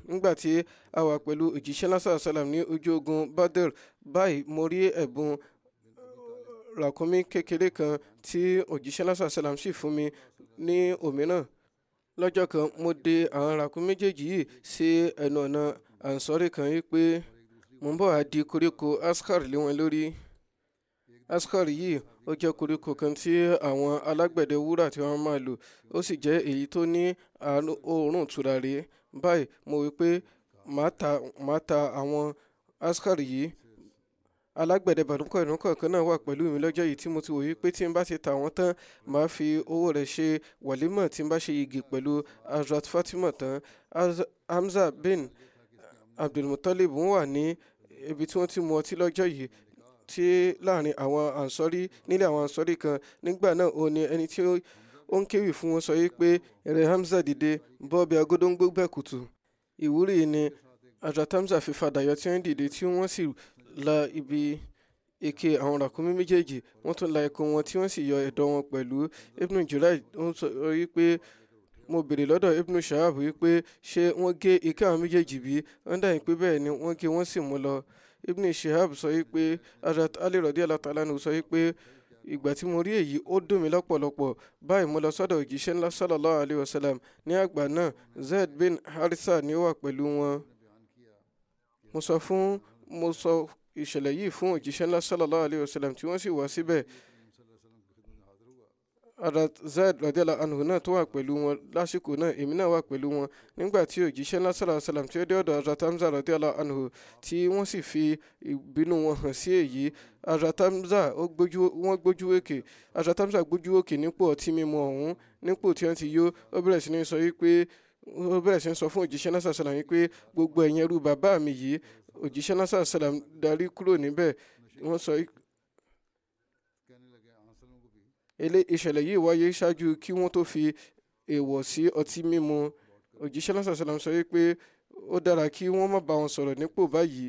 nígbàtí a wà pẹ̀lú òjíṣẹ́ lásán salam ní ojú ogun Badr báyìí mo rí ẹ̀bùn Rakumi kékeré kan tí òjíṣẹ́ lásán sàlám sì fún mi ní òmíràn lọ́jọ́ kan mo de àwọn ràkúnmí méjèèjì yìí sí ẹnu ọ̀nà ànsọ́rí kan yìí pé mo ń bọ̀ wá di koríko askar lé wọn lórí askar yìí ó jẹ́ koríko kan tí àwọn alágbẹ̀dẹ wúrà tí wọ́n máa lò ó sì jẹ́ èyí tó ní òórùn tùràrí báyìí mo wí pé màá ta àwọn askar yìí alágbẹ̀dẹ bànúkọ̀ẹ̀nù kọ̀ọ̀kan náà wà pẹ̀lú mi lọ́jọ́ yìí tí mo ti wòye pé tí n bá ti tà wọ́n tán màá fi owó rẹ̀ ṣe wàlímọ̀ tí n bá ṣe yìgì pẹ̀lú Hazrat Fatima tán Hamza bin Abdulmutalib wọ́n wà ní ibi tí wọ́n ti mu ọtí lọ́jọ́ yìí tí láàrin àwọn ànsọ́rí nílé àwọn ànsọ́rí kan nígbà náà ó ní ẹni tí ó ń kéwì fún wọn sọ yìí pé rẹ̀ Hamza dìde bọ́ọ̀bì agodóńgbò bẹ́ẹ̀ kùtù ìwúrí ni Hazrat Hamza fi fàdàyọ tí wọ́n dìde tí wọ́n sì la ibi ike àwọn ràkúnmí méjèèjì wọ́n tún la ikùn wọn tí wọ́n sì yọ ẹ̀dọ̀ wọn pẹ̀lú Ibn Jurayj ń sọ wípé mo béèrè lọ́dọ̀ Ibn Shahab wípé ṣé wọ́n gé ike àwọn méjèèjì bí wọ́n dà yín pé bẹ́ẹ̀ ni wọ́n gé wọ́n sì mú lọ Ibn Shahab sọ wípé Hazrat Ali radiyallahu ta'ala anhu sọ wípé ìgbà tí mo rí èyí ó dùn mí lọ́pọ̀lọpọ̀ báyìí mo lọ sọ́dọ̀ òjíṣẹ́ ńlá sallallahu alayhi wa sallam ní àgbà náà Zaid bin Harisa ni ó wà pẹ̀lú wọn mo sọ fún mo sọ ìṣẹ̀lẹ̀ yìí fún òjíṣẹ́ ńlá sallallahu alayhi wa sallam tí wọ́n sì wá síbẹ̀ Zaid radiyallahu anhu náà tó wà pẹ̀lú wọn lásìkò náà èmi náà wà pẹ̀lú wọn nígbà tí òjíṣẹ́ ńlá sallallahu alayhi wa tí ó dé ọ̀dọ̀ Hamza radiyallahu anhu tí wọ́n sì fi ìbínú wọn hàn sí èyí Hamza wọ́n gbójú òkè Hamza gbójú òkè nípò ọtí mímu ọ̀hún nípò tí wọ́n ti yó ó bẹ̀rẹ̀ sí ní sọ wípé ó bẹ̀rẹ̀ sí ń sọ fún òjíṣẹ́ náà sàṣàlà pé gbogbo ẹ̀yin bàbá mi yìí òjíṣẹ́ náà sàlám darí kúrò níbẹ̀ wọ́n sọ ilé ìṣẹ̀lẹ̀ yìí wáyé ṣáájú kí wọ́n tó fi èèwọ̀ sí ọtí mímu òjíṣẹ́ náà sàlám sọ pé ó dára kí wọ́n má bá wọn sọ̀rọ̀ nípò báyìí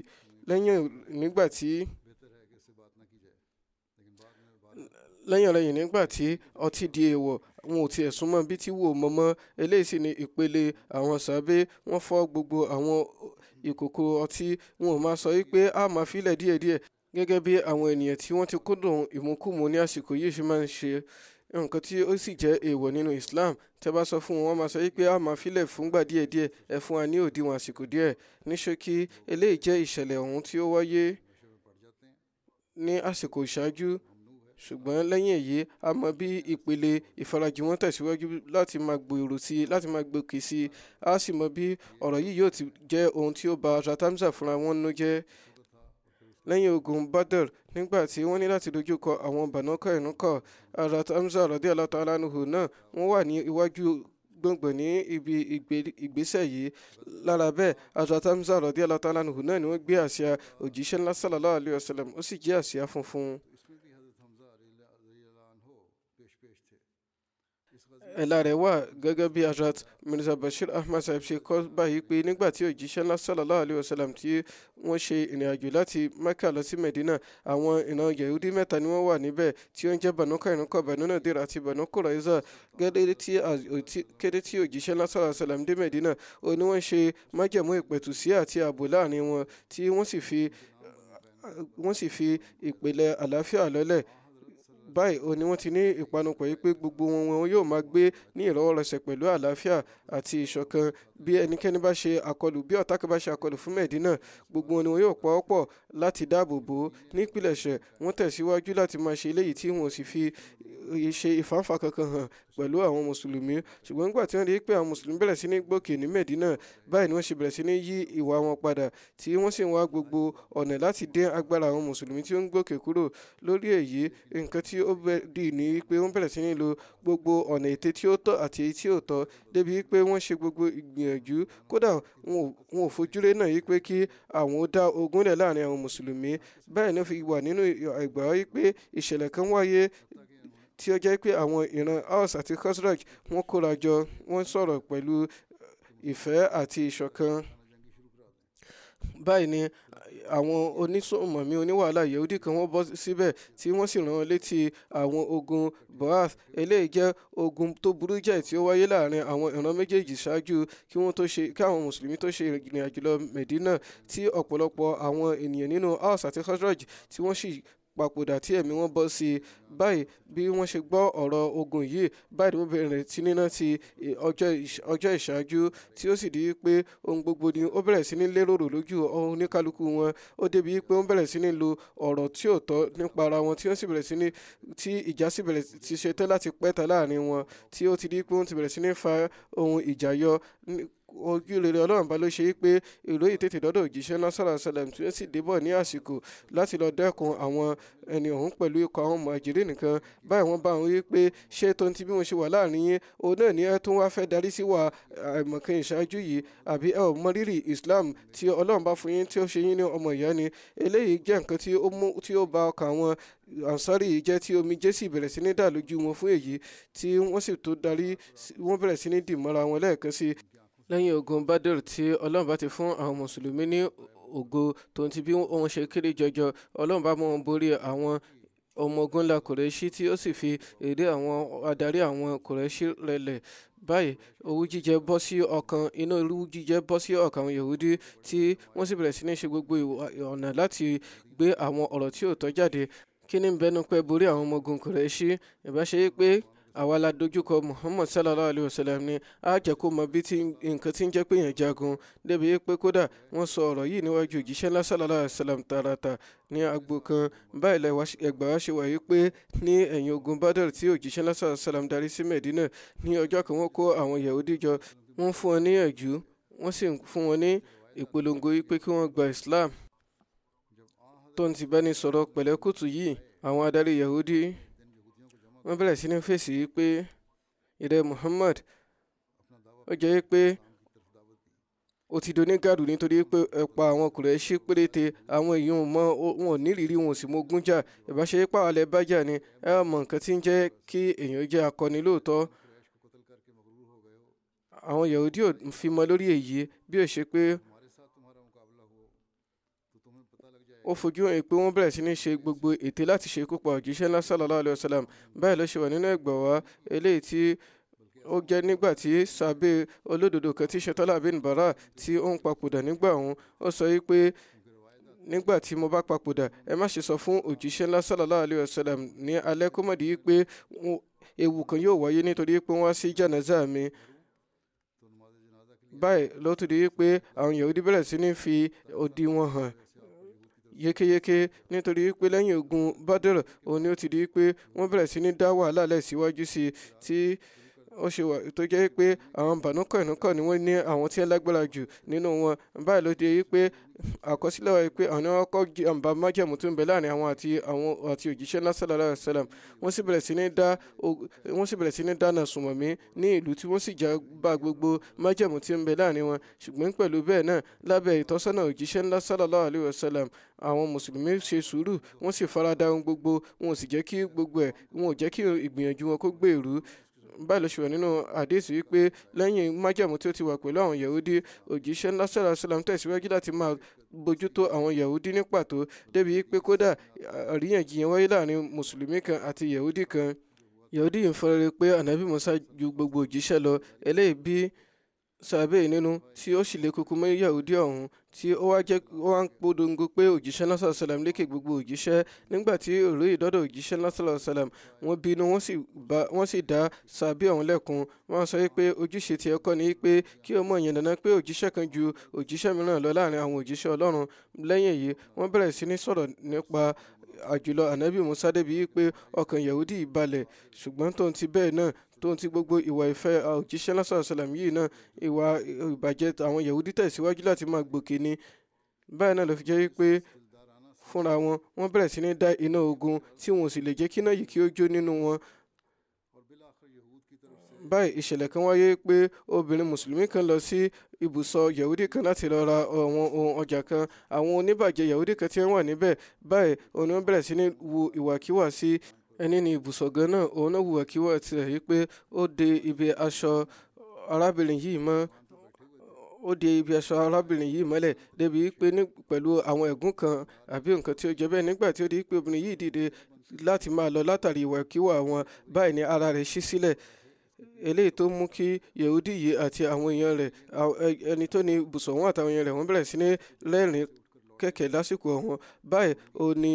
lẹ́yìn nígbà tí lẹ́yìn ọ̀rẹ́yìn nígbà tí ọtí di èèwọ̀ wọn ò tiẹ̀ súnmọ́ bí tí wò mọ́mọ́ eléyìí sì ni ìpele àwọn sàbẹ́ wọ́n fọ́ gbogbo àwọn ìkòkò ọtí wọn ò máa sọ wípé a máa filẹ̀ díẹ̀díẹ̀ gẹ́gẹ́ bí àwọn ènìyàn tí wọ́n ti kúndùn ìmúkùmù ní àsìkò yìí ṣe máa ń ṣe nǹkan tí ó sì jẹ́ èèwọ̀ nínú Islam tẹ́ bá sọ fún wọn wọ́n máa sọ wípé a máa filẹ̀ fúngbà díẹ̀díẹ̀ ẹ fún wa ní òdiwọ̀n àsìkò díẹ̀ ní ṣókí eléyìí jẹ́ ìṣẹ̀lẹ̀ ọ̀hún tí ó wáyé ní àsìkò ìṣáájú ṣùgbọ́n lẹ́yìn èyí a mọ bí ìpele ìfarajì wọn tẹ̀síwájú láti máa gbòòrò sí i láti máa gbòkè sí i a sì mọ bí ọ̀rọ̀ yìí yóò ti jẹ́ ohun tí ó ba Ratamsa fúnra wọn nú jẹ́ lẹ́yìn ogun Badr nígbà tí wọ́n ní láti dojú kọ àwọn bànákọ̀ ìnúkọ̀ Ratamsa radiyallahu ta'ala náà wọ́n wà ní iwájú gbọ̀ngbọ̀n ní ibi ìgbésẹ̀ yìí lára bẹ́ẹ̀ Ratamsa radiyallahu ta'ala anhu náà ni wọ́n gbé àsíá òjíṣẹ́ ńlá sallallahu alaihi wasallam ó sì jẹ́ àsíá funfun. ẹ̀la rẹ̀ wà gẹ́gẹ́ bí Hazrat Mirza Bashir Ahmad Saheb ṣe kọ́ báyìí pé nígbà tí òjíṣẹ́ ńlá sallallahu alayhi wa sallam tí wọ́n ṣe ìrìn àjò láti Mecca lọ sí Medina àwọn ìran Yahudi mẹ́ta ni wọ́n wà níbẹ̀ tí ó ń jẹ́ Banu Kainuka Banu Nadir àti Banu Quraiza kété tí òjíṣẹ́ ńlá sallallahu alayhi wa sallam dé Medina ó ní wọ́n ṣe májẹ̀mú ìpẹ̀tù sí àti ààbò láàrin wọn tí wọ́n sì fi ìpìlẹ̀ àlàáfíà lọ́lẹ̀ báyìí òní wọ́n ti ní ìpanupọ̀ yìí pé gbogbo wọn wọn yóò máa gbé ní ìrọwọ́rọsẹ̀ pẹ̀lú àlàáfíà àti ìṣọ̀kan bí ẹnikẹ́ni bá ṣe àkọlù bí ọ̀tá kan bá ṣe àkọlù fún mẹ́ẹ̀dínà gbogbo wọn ni wọn yóò pa ọ́ pọ̀ láti dáàbò bò ó nípìlẹ̀ṣẹ̀ wọ́n tẹ̀síwájú láti máa ṣe eléyìí tí wọn sì fi eh, ṣe ìfáǹfà kankan hàn pẹ̀lú àwọn mùsùlùmí ṣùgbọ́n nígbà tí wọ́n rí pé àwọn mùsùlùmí bẹ̀rẹ̀ sí ní gbòkè ní mẹ́ẹ̀dínà báyìí ni wọ́n ṣe bẹ̀rẹ̀ sí ní yí ìwà wọn padà tí wọ́n sì ń wá gbogbo ọ̀nà láti dín agbára àwọn mùsùlùmí tí ó ń gbòkè kúrò lórí èyí nǹkan tí ó dì ní pé wọ́n bẹ̀rẹ̀ sí ní lo gbogbo ọ̀nà ète tí ó tọ́ àti èyí gbìyànjú kódà wọn ò fojúre náà yí pé kí àwọn dá ogun lẹ̀ láàrin àwọn mùsùlùmí bẹ́ẹ̀ ni ó fi wà nínú ìgbà yí pé ìṣẹ̀lẹ̀ kan wáyé tí ó jẹ́ pé àwọn ìran Aws àti Khazraj wọ́n kóra jọ wọ́n sọ̀rọ̀ pẹ̀lú ìfẹ́ àti ìṣọ̀kan báyìí ni àwọn onísọ̀mọ̀ mi oníwàhálà yehudi kan wọ́n bọ́ síbẹ̀ tí wọ́n sì rán létí àwọn ogun boaz eléyìí jẹ́ ogun tó burú jẹ́ tí ó wáyé láàrin àwọn ìran méjèèjì ṣáájú kí wọ́n tó ṣe kí àwọn mùsùlùmí tó ṣe ìrìn àjò lọ medina tí ọ̀pọ̀lọpọ̀ àwọn ènìyàn nínú aus àti khazraj tí wọ́n sì papòdà tí ẹ̀mí wọn bọ́ sí i báyìí bí wọ́n ṣe gbọ́ ọ̀rọ̀ ogun yìí báyìí ni wọ́n bẹ̀rẹ̀ sí níná ti ọjọ́ ìṣáájú tí ó sì di pé ohun gbogbo ni ó bẹ̀rẹ̀ sí ní lérò lójú oníkálukú wọn ó débi pé wọ́n bẹ̀rẹ̀ sí ní lo ọ̀rọ̀ tí ò tọ́ nípa ara wọn tí wọ́n sì bẹ̀rẹ̀ sí ní tí ìjà sì bẹ̀rẹ̀ ti ṣe tán láti pẹ́ta láàrin wọn tí ó ti di pé wọ́n ti bẹ̀rẹ̀ sí ní fa ohun ìjà yọ ojúrere ọlọ́run bá ló ṣe pé ìròyìn tètè dọ́dọ̀ òjíṣẹ́ lásàrà sẹlẹ̀m tí ó sì débọ̀ ní àsìkò láti lọ dẹ́kun àwọn ẹni ọ̀hún pẹ̀lú ikọ̀ àwọn mọ̀jìrì nìkan báyìí wọ́n bá wọn wí ṣé tó ń ti bí mo ṣe wà láàrin yín òun náà ni ẹ tún wá fẹ́ darí sí wa àìmọ̀kan ìṣáájú yìí àbí ẹ ò mọ rírì Islam tí ọlọ́run bá fún yín tí ó ṣe yín ní ọmọ ìyá ni eléyìí jẹ́ nǹkan tí ó mú tí ó ba ọkàn àwọn ansari jẹ́ tí omi jésì bẹ̀rẹ̀ sí ní dà lójú wọn fún èyí tí wọ́n sì tó darí wọ́n bẹ̀rẹ̀ sí ní dìmọ́ra wọn lẹ́ẹ̀kan sí lẹ́yìn ogun badr tí ọlọ́run bá ti fún àwọn mùsùlùmí ní ògo tòun ti bí wọn ṣe kéré jọjọ ọlọ́run bá mú wọn borí àwọn ọmọ ogun ńlá kùrẹ́ṣí tí ó sì fi èdè àwọn adarí àwọn kùrẹ́ṣí rẹlẹ̀ báyìí owú jíjẹ bọ́ sí ọkàn iná irú jíjẹ bọ́ sí ọkàn àwọn yahudi tí wọ́n sì bẹ̀rẹ̀ sí ní ṣe gbogbo ọ̀nà láti gbé àwọn ọ̀rọ̀ tí ò tọ́ jáde kí ni bẹnu pẹ́ borí àwọn ọmọ ogun kùrẹ́ṣí ìbáṣe pé àwa la dojúkọ muhammad sallallahu alayhi wa sallam ni a jẹ́ kó mọ bí nǹkan ti ń jẹ́ pé yẹn jagun débi pé kódà wọ́n sọ ọ̀rọ̀ yìí níwájú òjíṣẹ́ ńlá sallallahu alayhi wa sallam tààràtà ní agbo kan báyìí lẹ́wà ẹgbà wa ṣe wáyé pé ní ẹ̀yìn ogun badr tí òjíṣẹ́ ńlá sallallahu alayhi wa sallam darí sí medina ní ọjọ́ kan wọ́n kó àwọn yahudi jọ wọ́n fún wọn ní ẹ̀jú wọ́n sì fún wọn ní ìpolongo yìí pé kí wọ́n gba islam tó ń ti bá ní sọ̀rọ̀ pẹ̀lẹ́kùtù yìí àwọn adarí yahudi wọ́n bẹ̀rẹ̀ sí ní fèsì pé ìrẹ Muhammad ó jẹ́ pé ó ti doní gàdù nítorí pé ẹ̀pà àwọn Kùrẹ́ṣì péréte àwọn èèyàn mọ wọn ò nírìírí wọn ò sì mógún jà ìbáṣe pàwọ́lẹ̀ bájà ni ẹ mọ nǹkan tí ń jẹ́ kí èèyàn jẹ́ akọni lóòótọ́ àwọn Yahudi ò fi mọ lórí èyí bí ó ṣe pé ó fojú hàn pé wọ́n bẹ̀rẹ̀ sí ní ṣe gbogbo ète láti ṣe ikú pa òjíṣẹ́ ńlá sallallahu alayhi wa sallam báyìí ló ṣe wà nínú ẹ̀gbà wá eléyìí tí ó jẹ́ nígbà tí sàbẹ̀ olódodo kan tí ṣetọ́lá bin bara tí ó ń papòdà nígbà òun ó sọ yìí pé nígbà tí mo bá papòdà ẹ má ṣe sọ fún òjíṣẹ́ ńlá sallallahu alayhi wa ní alẹ́ kó mọ̀ báyìí ló tún di pé àwọn Yahudi bẹ̀rẹ̀ sí ní fi òdi wọn hàn yékéyéké nítorí wípé lẹ́yìn ogun Badr òun ni ó ti di wípé wọ́n bẹ̀rẹ̀ sí ní dá wàhálà lẹ̀ síwájú sí i tí ó ṣe wà tó jẹ́ pé àwọn bànúkọ̀nùkọ̀ ni wọ́n ní àwọn tí wọ́n lágbára jù nínú wọn báyìí ló dé pé àkọsílẹ̀ wáyé pé àwọn ọkọ̀ jàǹbá májẹ̀mú tó ń bẹ láàrin àwọn àti àwọn àti òjíṣẹ́ ńlá sàlálà sàlám wọ́n sì bẹ̀rẹ̀ sí ní dá wọ́n sì bẹ̀rẹ̀ sí ní dáná sùnmọ̀mí ní ìlú tí wọ́n sì já bá gbogbo májẹ̀mú tí ń bẹ láàrin wọn ṣùgbọ́n pẹ̀lú bẹ́ẹ̀ náà lábẹ́ ìtọ́sọ́nà òjíṣẹ́ ńlá sàlálà àlẹ́wọ̀ sàlám àwọn mùsùlùmí ṣe sùúrù wọ́n sì farada gbogbo wọn ò sì jẹ́ kí gbogbo ẹ̀ wọn ò jẹ́ kí ìgbìyànjú wọn kó gbèrú báyìí ló ṣe wà nínú àdéhùn wípé lẹ́yìn májẹ̀mú tí ó ti wà pẹ̀lú àwọn Yahudi òjíṣẹ́ nasara salam tẹ̀síwájú láti máa bójútó àwọn Yahudi ní pàtó débi wípé kódà àríyànjiyàn wáyé láàrin mùsùlùmí kan àti Yahudi kan Yahudi yìí ń fọrẹ́rẹ́ pé ànábì Musa ju gbogbo òjíṣẹ́ lọ eléyìí bí sàbẹ̀ nínú tí ó sì lè kúkú mọ́ Yahudi ọ̀hún tí ó wá jẹ́ ó wá ń polongo pé òjíṣẹ́ náà sọ̀rọ̀ sọ̀làm lékè gbogbo òjíṣẹ́ nígbà tí òró ìdọ́dọ̀ òjíṣẹ́ náà sọ̀rọ̀ sọ̀làm wọ́n bínú wọ́n sì dá sàbí ọ̀hún lẹ́kun wọ́n sọ pé ojúṣe tiẹ̀ kọ́ ni pé kí o mọ̀ yẹn dandan pé òjíṣẹ́ kan ju òjíṣẹ́ mìíràn lọ láàrin àwọn òjíṣẹ́ ọlọ́run lẹ́yìn èyí wọ́n bẹ̀rẹ̀ sí ní sọ̀rọ̀ nípa àjùlọ ànábì Musa débi pé ọkàn Yahudi balẹ̀ ṣùgbọ́n tóun ti bẹ́ẹ̀ náà tó ń ti gbogbo ìwà ìfẹ́ òjíṣẹ́ lásàásàlám yìí náà ìwà ìbàjẹ́ àwọn yahudi tẹ̀síwájú láti máa gbòkè ni báyìí náà ló fi jẹ́ pé fúnra wọn wọ́n bẹ̀rẹ̀ sí ní dá iná ogun tí wọn ò sì lè jẹ́ kí iná yìí kí ó jó nínú wọn báyìí ìṣẹ̀lẹ̀ kan wáyé pé obìnrin mùsùlùmí kan lọ sí ibùsọ̀ yahudi kan láti lọ ra àwọn ohun ọjà kan àwọn oníbàjẹ́ yahudi kan tí wà níbẹ̀ báyìí ẹni ni ibùsọ̀gán náà òun náà wùwà kíwà tirẹ̀ yìí pé ó de ibi aṣọ arábìnrin yìí mọ́ ó de ibi aṣọ arábìnrin yìí mọ́lẹ̀ débi pé pẹ̀lú àwọn ẹ̀gún kan àbí nǹkan tí ó jẹ bẹ́ẹ̀ nígbà tí ó di pé obìnrin yìí dìde láti máa lọ látàrí ìwàkíwà wọn báyìí ni ara rẹ̀ ṣí sílẹ̀ eléyìí tó mú kí yehudi yìí àti àwọn èèyàn rẹ̀ ẹni tó ní ibùsọ̀ wọn àtàwọn èèyàn rẹ̀ wọ́n bẹ̀rẹ̀ sí ní rẹ́rìn kẹ̀kẹ́ lásìkò ọ̀hún báyìí ó ní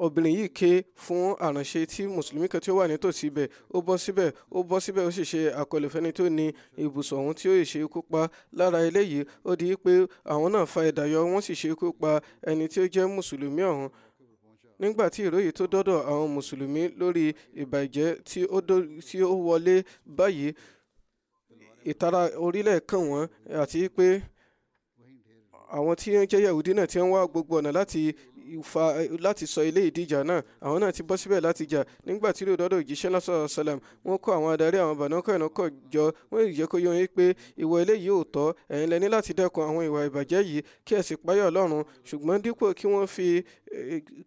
obìnrin yìí ké fún àránṣe tí mùsùlùmí kan tí ó wà nítòsí ibẹ̀ ó bọ́ síbẹ̀ ó bọ́ síbẹ̀ ó sì ṣe àkọlù fẹ́ni tó ní ibùsùn ọ̀hún tí ó ṣe ikú pa lára eléyìí ó di pé àwọn náà fa ẹ̀dà yọ wọ́n sì ṣe ikú pa ẹni tí ó jẹ́ mùsùlùmí ọ̀hún nígbà tí ìròyìn tó dọ́dọ̀ àwọn mùsùlùmí lórí ìbàjẹ́ tí ó wọlé báyìí ìtara orílẹ̀ kàn wọ́n àti pé àwọn tí ń jẹ́ Yahudi náà ti ń wá gbogbo ọ̀nà láti ìfa láti sọ ilé ìdíjà náà àwọn náà ti bọ́ síbẹ̀ láti jà nígbà tí lóòdọ́dọ̀ òjíṣẹ́ lásán salam wọ́n kọ́ àwọn adarí àwọn bànákọ̀ ìnákọ̀ jọ wọ́n yìí jẹ́ kó yọ yín pé ìwọ eléyìí ò tọ́ ẹ̀yin lẹ ní láti dẹ́kun àwọn ìwà ìbàjẹ́ yìí kí ẹ sì páyọ̀ ọlọ́run ṣùgbọ́n dípò kí wọ́n fi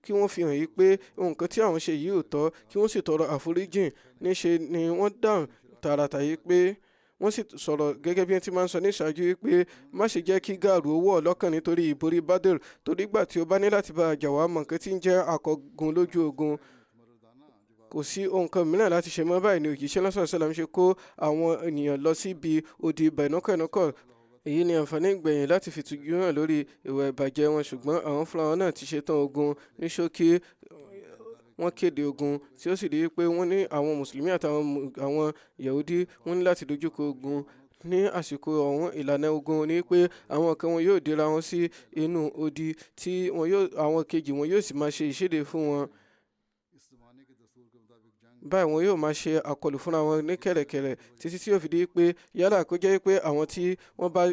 kí wọ́n fi hàn yí pé nǹkan tí àwọn ṣe yìí ò tọ́ kí wọ́n sì tọrọ àforíjìn níṣe ni wọ́n dáhùn tààràtà yìí pé wọ́n sì sọ̀rọ̀ gẹ́gẹ́ bí wọ́n ti máa ń sọ ní ìṣáájú wípé má ṣe jẹ́ kí gàrú owó ọlọ́kàn nítorí ìborí Badr torí gbà tí o bá ní láti bá a jà wá mọ̀ nǹkan tí ń jẹ́ àkọgun lójú ogun kò sí ohun kan mìíràn láti ṣe mọ́ báyìí ni òjíṣẹ́ lọ́sọ̀rọ̀ sọ́lá ń ṣe kó àwọn ènìyàn lọ síbi odi bẹ̀nùkẹ̀nùkọ̀ èyí ni àǹfààní ìgbẹ̀yìn láti fìtújú hàn lórí ìwà ìbàjẹ́ wọn ṣùgbọ́n àwọn fúlàwọn náà ti ṣetán ogun ní ṣókí wọ́n kéde ogun tí ó sì di pé wọ́n ní àwọn mùsùlùmí àtàwọn àwọn yahudi wọ́n ní láti dojúkọ ogun ní àsìkò ọ̀hún ìlànà ogun ni pé àwọn kan wọn yóò dira wọn sí inú odi tí wọn yóò àwọn kejì wọn yóò sì máa ṣe ìṣèdè fún wọn báyìí wọn yóò máa ṣe àkọlù fúnra wọn ní kẹ̀rẹ̀kẹ̀rẹ̀ títí tí yóò fi di pé yálà kó jẹ́ pé àwọn tí wọ́n bá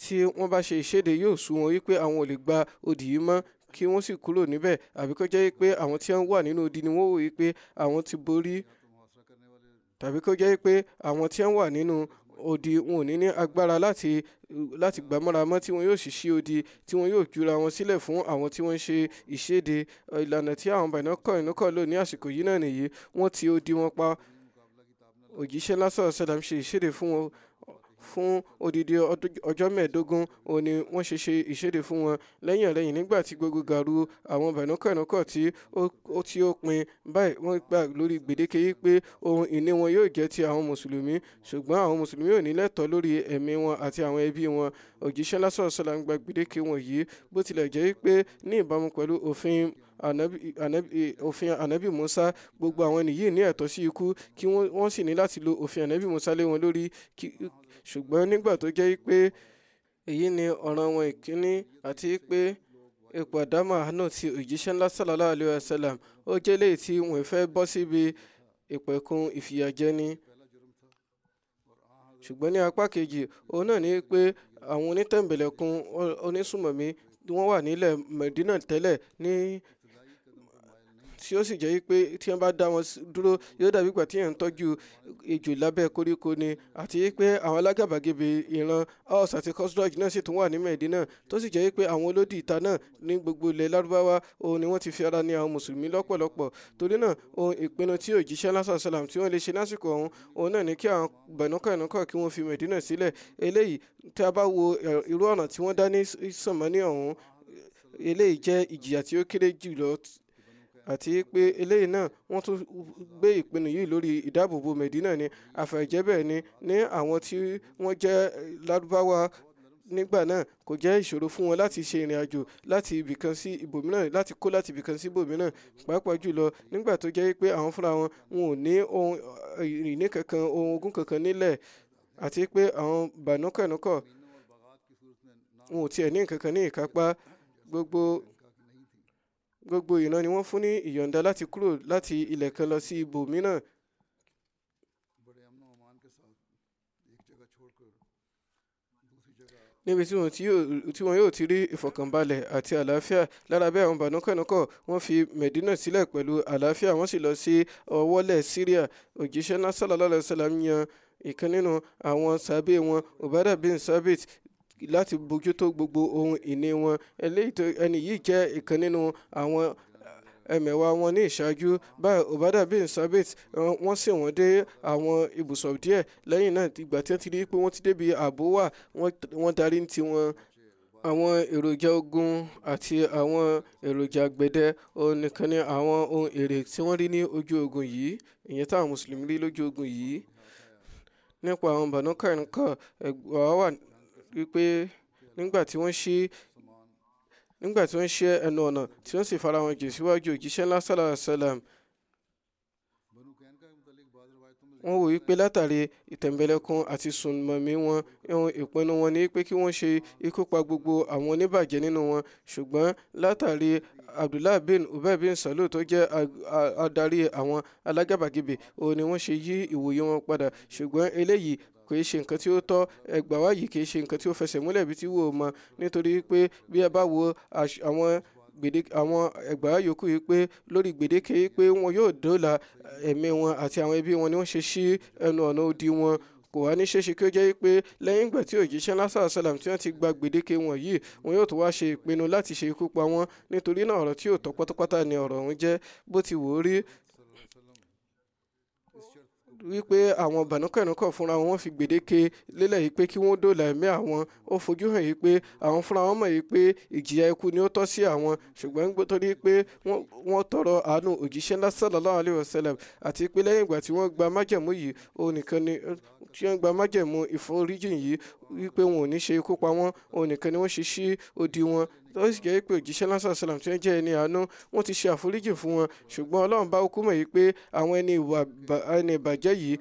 tí wọ́n bá ṣe ìṣèdè yóò sú wọn wípé àwọn ò lè gba odi yìí mọ́ kí wọ́n sì kúrò níbẹ̀ àbí kó jẹ́ pé àwọn tí wọ́n wà nínú odi ni wọ́n wò yí pé àwọn ti borí tàbí kó jẹ́ pé àwọn tí wọ́n wà nínú odi wọn ò ní ní agbára láti láti gbàmọ́ra mọ́ tí wọn yóò sì ṣí odi tí wọn yóò jura wọn sílẹ̀ fún àwọn tí wọ́n ń ṣe ìṣèdè ìlànà tí àwọn bàìnákọ̀ ìnákọ̀ lò ní àsìkò yìí náà nìyí wọ́n ti odi wọn pa òjíṣẹ́ lásán ṣàdám ìṣèdè fún wọn fún odidi ọjọ́ mẹ́ẹ̀ẹ́dógún òun ni wọ́n ṣe ṣe ìṣèdè fún wọn lẹ́yìn ọ̀lẹ́yìn nígbà tí gbogbo gàrú àwọn bẹ̀nùkànnùkàn tí ó pin báyìí wọ́n gbà lórí gbèdéke yìí pé ohun ìní wọn yóò jẹ́ ti àwọn mùsùlùmí ṣùgbọ́n àwọn mùsùlùmí ò ní lẹ́tọ̀ọ́ lórí ẹ̀mí wọn àti àwọn ẹbí wọn òjíṣẹ́ lásán ọ̀sán la ń gba gbèdéke wọn yìí bó tilẹ̀ jẹ́ pé ní ìbámu pẹ̀lú òfin òfin ànábì musa gbogbo àwọn ènìyàn ní ẹ̀tọ́ sí ikú kí wọ́n sì ní láti lo òfin ànábì musa lé wọn lórí ṣùgbọ́n nígbà tó jẹ́ pé èyí ni ọ̀ràn wọn ìkíní àti pé ipò àdámọ̀ àánú ti òjíṣẹ́ ńlá sallallahu alaihi wasallam ó jẹ́ léyìí tí wọ́n fẹ́ bọ́ síbi ìpẹ̀kun ìfìyàjẹni ṣùgbọ́n ní apá kejì òun náà ni pé àwọn onítẹ̀m̀bẹ̀lẹ̀kun onísùmọ̀mí wọ́n wà nílẹ̀ Mẹ̀dínà tẹ́lẹ̀ ní tí ó sì jẹ́ wípé tí wọ́n bá dá wọn dúró yóò dàbí ìgbà tí yẹn ń tọ́jú ejò lábẹ́ koríko ni àti wípé àwọn alágàbàgebè ìran Aus àti Khosraj náà sì tún wà ní Mẹ̀dínà tó sì jẹ́ wípé àwọn olódì ìta náà ní gbogbo ilẹ̀ lárúbáwá òun ni wọ́n ti fi ara ní àwọn mùsùlùmí lọ́pọ̀lọpọ̀ torí náà ohun ìpinnu tí òjíṣẹ́ lásán sàlám tí wọ́n lè ṣe lásìkò ọ̀hún òun náà ní kí àwọn gbẹ̀nukànnukàn kí wọ́n fi Mẹ̀dínà sílẹ̀ eléyìí tí a bá wo irú ọ̀nà tí wọ́n dá ní sànmọ́ ní ọ̀hún eléyìí jẹ́ ìjìyà tí ó kéré jùlọ àti pé eléyìí náà wọ́n tún gbé ìpinnu yìí lórí ìdáàbòbò Medina ni àfẹ̀jẹ́bẹ̀ ni ní àwọn tí wọ́n jẹ́ lárúbáwá nígbà náà kò jẹ́ ìṣòro fún wọn láti ṣe ìrìn àjò láti ibìkan sí ibòmíràn láti kó láti ibìkan sí ibòmíràn pàápàá jùlọ nígbà tó jẹ́ pé àwọn fúnra wọn wọn ò ní ohun ìní kankan ohun ogun kankan nílẹ̀ àti pé àwọn bànúkànúkọ̀ wọn ò tiẹ̀ ní kankan ní ìkápá gbogbo gbogbo ìran ni wọ́n fún ní ìyọ̀ǹda láti kúrò láti ilẹ̀ kan lọ sí ibòmíràn. níbi tí wọn yóò ti rí ìfọ̀kànbalẹ̀ àti àlàáfíà lára bẹ́ẹ̀ àwọn bànúkànúkọ̀ wọ́n fi Medina sílẹ̀ pẹ̀lú àlàáfíà wọ́n sì lọ sí ọwọ́lẹ̀ Syria òjíṣẹ́ náà sallallahu alaihi wasallam yan ìkan nínú àwọn sàbẹ̀ wọn Ubada bin Sabit láti bójútó gbogbo ohun ìní wọn ẹni yìí jẹ́ ìkan nínú àwọn eh, ẹ̀mẹ̀wà wọn ní ìṣáájú báyìí Obada bin Sabit wọ́n sì wọ́n dé àwọn ibùsọ̀ díẹ̀ lẹ́yìn náà ìgbà tí wọ́n ti rí pé wọ́n ti débi ààbò wà wọ́n darí ní tiwọn àwọn èròjà ogun àti àwọn èròjà gbẹdẹ nìkan ni àwọn ohun èrè tí wọ́n rí ní ojú ogun yìí ìyẹn táwọn mùsùlùmí rí lójú ogun yìí nípa àwọn bànúkà nǹkan ẹgbàá wà wípé nígbà tí wọ́n ṣí nígbà tí wọ́n ṣe ẹnu ọ̀nà tí wọ́n sì fara wọn jù síwájú òjíṣẹ́ ńlá sàlá sàlám wọ́n wò wípé látàrí ìtẹ̀m̀bẹ̀lẹ̀kun àti sùnmọ̀mí wọn ẹ̀hún ìpinnu wọn ni pé kí wọ́n ṣe ikú pa gbogbo àwọn oníbàjẹ́ nínú wọn ṣùgbọ́n látàrí abdullah bin ubay bin salul tó jẹ́ adarí àwọn alágàbàgebè òun ni wọ́n ṣe yí ìwòye wọn padà ṣùgbọ́n eléyìí kò í ṣe nǹkan tí ó tọ́ ẹgbàá wáyé kì í ṣe nǹkan tí ó fẹsẹ̀ múlẹ̀ bí tí wò ó mọ nítorí pé bí ẹ bá wo àwọn gbèdéke àwọn ẹgbàá yòókù yìí pé lórí gbèdéke yìí pé wọn yóò dóòlà ẹ̀mí wọn àti àwọn ẹbí wọn ni wọ́n ṣe sí ẹnu ọ̀nà odi wọn kò wá ní ṣeéṣe kí ó jẹ́ pé lẹ́yìn ìgbà tí òjíṣẹ́ lásàá sálàm tí wọ́n ti gba gbèdéke wọn yìí wọn yóò tún wá ṣe ìpinnu láti ṣe ikú pa wọn nítorí náà ọ̀rọ̀ tí yóò tọ́ pátápátá ni ọ̀rọ̀ ọ̀hún jẹ́ bó ti wò ó rí wípé àwọn bànúkẹ̀nùkọ̀ fúnra wọn fi gbèdéke lélẹ̀ yìí pé kí wọ́n dóòlà ẹ̀mí àwọn ó fojú hàn yìí pé àwọn fúnra wọn mọ̀ yìí pé ìjìyà ikú ni ó tọ́ sí àwọn ṣùgbọ́n nítorí pé wọ́n tọrọ àánú òjíṣẹ́ ńlá sallallahu alaihi wasallam àti pé lẹ́yìn ìgbà tí wọ́n gba májẹ̀mú yìí ó nìkan ni tí wọ́n gba májẹ̀mú ìforíjìn yìí wípé wọn ò ní ṣe ikú pa wọ́n ó nìkan ni wọ́n ṣe sí odi wọn tó sì jẹ́ pé òjíṣẹ́ lásán sàlám tí wọ́n jẹ́ ẹni àánú wọ́n ti ṣe àforíjì fún wọn ṣùgbọ́n ọlọ́run bá kú mọ̀ yìí pé àwọn ẹni ìbàjẹ́ yìí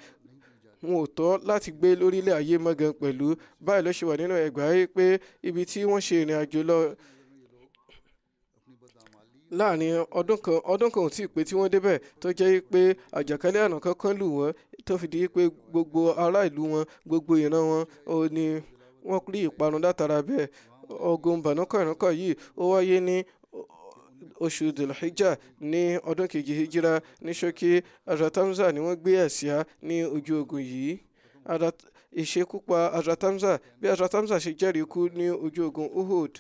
wọn ò tọ́ láti gbé lórílẹ̀ ayé mọ́gàn pẹ̀lú báyìí ló ṣe wà nínú ẹgbàá yìí pé ibi tí wọ́n ṣe ìrìn àjò lọ láàrin ọdún kan ọdún kan ò tí ì pé tí wọ́n débẹ̀ tó jẹ́ pé àjàkálẹ̀ àrùn kankan lù wọ́n tó fi di pé gbogbo ará ìlú wọn gbogbo ìran wọn ò ní wọ́n rí ìparun látara bẹ́ẹ̀ ogun bànúkọ̀rúnkọ̀ yìí ó wáyé ní oṣù dìlhíjà ní ọdún kejì hijira ní ṣókí adratamsa ni wọ́n gbé ẹ̀sìá ní ojú ogun yìí ìṣekúpa adratamsa bí adratamsa ṣe jẹ́rìí kú ní ojú ogun uhud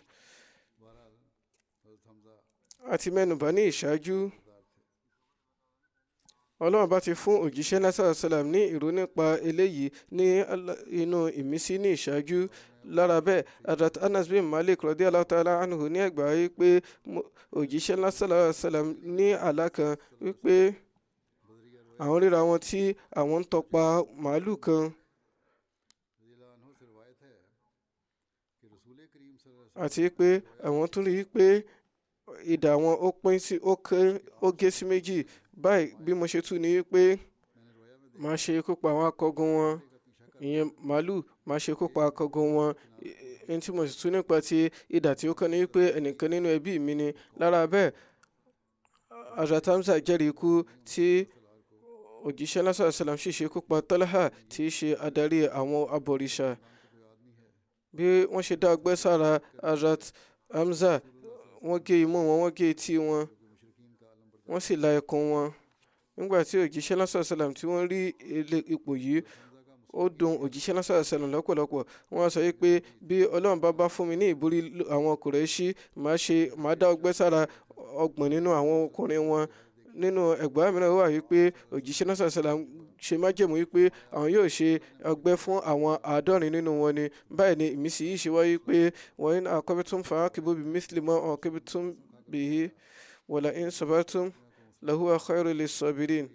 àti mẹ́nubà ní ìṣáájú ọlọ́run bá ti fún òjíṣẹ́ nasarasalam ní ìró nípa eléyìí ní inú ìmísí ní ìṣáájú lára bẹ́ẹ̀ adrat anas bin malik radiyallahu ta'ala anhu ní ẹgbàá wípé òjíṣẹ́ ńlá sallallahu alaihi wasallam ní àlá kan wípé àwọn ríra wọn tí àwọn ń tọpa màálù kan. àti pé àwọn tún rí i pé ìdá wọn ó pín sí ó gé sí méjì báyìí bí mo ṣe tú ni wípé màá ṣe ikú àwọn akọgun wọn ìyẹn màálù máa ṣe kópa kọgọ wọn ẹni tí mo sì tún nípa ti ìdà tí ó kàn ní pé ẹnìkan nínú ẹbí mi ni lára bẹ́ẹ̀ Hazrat Hamza jẹ́rìí ikú tí òjíṣẹ́ lásán àṣàlám sì ṣe kópa Talha tí í ṣe adarí àwọn abọ̀rìṣà bí wọ́n ṣe dá ọgbẹ́ sára Hazrat Hamza wọ́n gé imú wọn wọ́n gé etí wọn wọ́n sì la ẹkùn wọn nígbà tí òjíṣẹ́ lásán àṣàlám tí wọ́n rí ipò yìí ó dùn òjíṣẹ́ lásán àṣẹlẹ̀ lọ́pọ̀lọpọ̀ wọ́n sọ pé bí ọlọ́run bá bá fún mi ní ìborí àwọn Kùrẹ́ṣì màá ṣe màá dá ọgbẹ́ sára ọgbọ̀n nínú àwọn ọkùnrin wọn nínú ẹgbẹ́ mìíràn wà wípé òjíṣẹ́ náà sàṣàlà ṣe májẹ̀mú wípé àwọn yóò ṣe ọgbẹ́ fún àwọn àádọ́rin nínú wọn ni báyìí ni ìmísí yìí ṣe wáyé pé wọ́n ní àkọ́bẹ́tún fàákìbóbi mísìlímọ́ ọ̀kẹ́bẹ́tún bìí wọ̀là ń sọ̀bẹ́tún làhùwà khairu lis sabirin.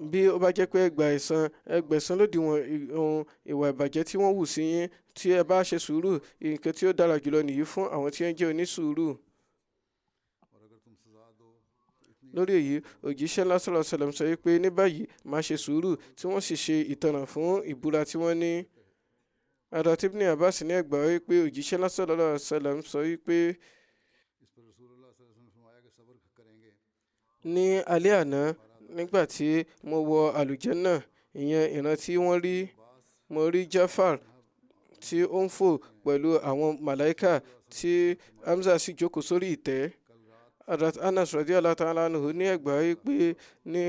bí ó bá jẹ́ pé ẹ gba ẹ̀san ẹ gbẹ̀san lódiwọ̀n ohun ìwà ìbàjẹ́ tí wọ́n hù sí yín tí ẹ bá ṣe sùúrù nǹkan tí ó dára jùlọ nìyí fún àwọn tí ó ń jẹ́ onísùúrù. lórí èyí òjíṣẹ́ lásìlọ́ sẹlẹ̀m sọ pé ní báyìí máa ṣe sùúrù tí wọ́n sì ṣe ìtanràn fún ìbúra tí wọ́n ní. adat ibn abbas ní ẹgbà wípé òjíṣẹ́ lásìlọ́ sẹlẹ̀m sọ pé ní alẹ́ àná nígbà tí mo wọ àlùjànnà ìyẹn ìran tí wọ́n rí mo rí Jafar tí ó ń fò pẹ̀lú àwọn màláìka tí Hamza sì jókòó sórí ìtẹ́ adat Anas radiyallahu ta'ala anhu ní ẹgbàá pé ní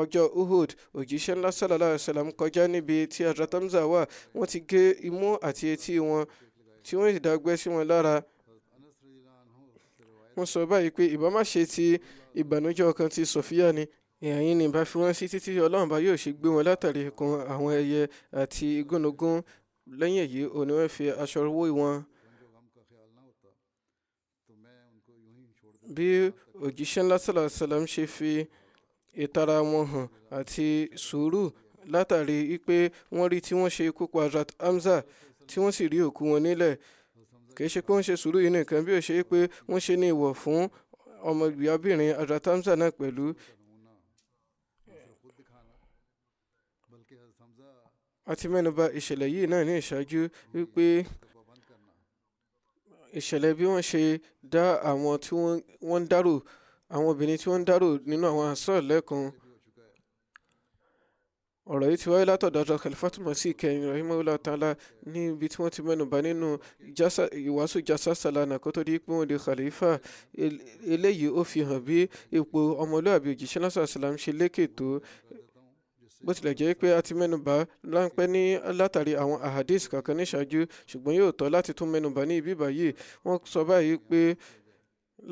ọjọ́ Uhud òjíṣẹ́ ńlá sallallahu alaihi wasallam kọjá níbi tí adat Hamza wà wọ́n ti gé imú àti etí wọn tí wọ́n sì dágbẹ́ sí wọn lára wọ́n sọ báyìí pé ìbámáṣe ti ìbànújẹ́ ọkàn ti Sofia ni ìhàyín ni ìbá fi wọ́n sí títí ọlọ́run bá yóò ṣe gbé wọn látàrí ikùn àwọn ẹyẹ àti igúnnugún lẹ́yìn èyí òní wọ́n fi aṣọ owó wọn. bí òjíṣẹ́ ńlá sàlàsàlám ṣe fi ìtara wọn hàn àti sùúrù látàrí pé wọ́n rí tí wọ́n ṣe ikú pa Hazrat Hamza tí wọ́n sì rí òkú wọn nílẹ̀ kìí ṣe pé wọ́n ṣe sùúrù yìí nìkan bí ó ṣe pé wọ́n ṣe ní ìwọ̀ fún ọmọ ìgbìyàbìnrin Hazrat náà pẹ̀lú a ti mẹ́nuba ìṣẹ̀lẹ̀ yìí náà ní ìṣáájú wípé ìṣẹ̀lẹ̀ bí wọ́n ṣe dá àwọn tí wọ́n ń dárò àwọn obìnrin tí wọ́n ń dárò nínú àwọn asọ́ọ̀ lẹ́kùn ọ̀rọ̀ yìí ti wáyé látọ̀dọ̀ ọ̀dọ̀ Khalifatul Masih kẹyìn rahimahullah ta'ala ní ibi tí wọ́n ti mẹ́nuba nínú ìwàásù jasa salana kó tó di pé wọ́n di khalifa eléyìí ó fi hàn bí ipò ọmọlúwàbí òjíṣẹ́ náà sàlám ṣe lékè tó bó tilẹ̀ jẹ́ pé a ti mẹ́nubà láńpẹ́ ní látàrí àwọn ahadis kankan níṣáájú ṣùgbọ́n yóò tọ́ láti tún mẹ́nubà ní ibi báyìí wọ́n sọ báyìí pé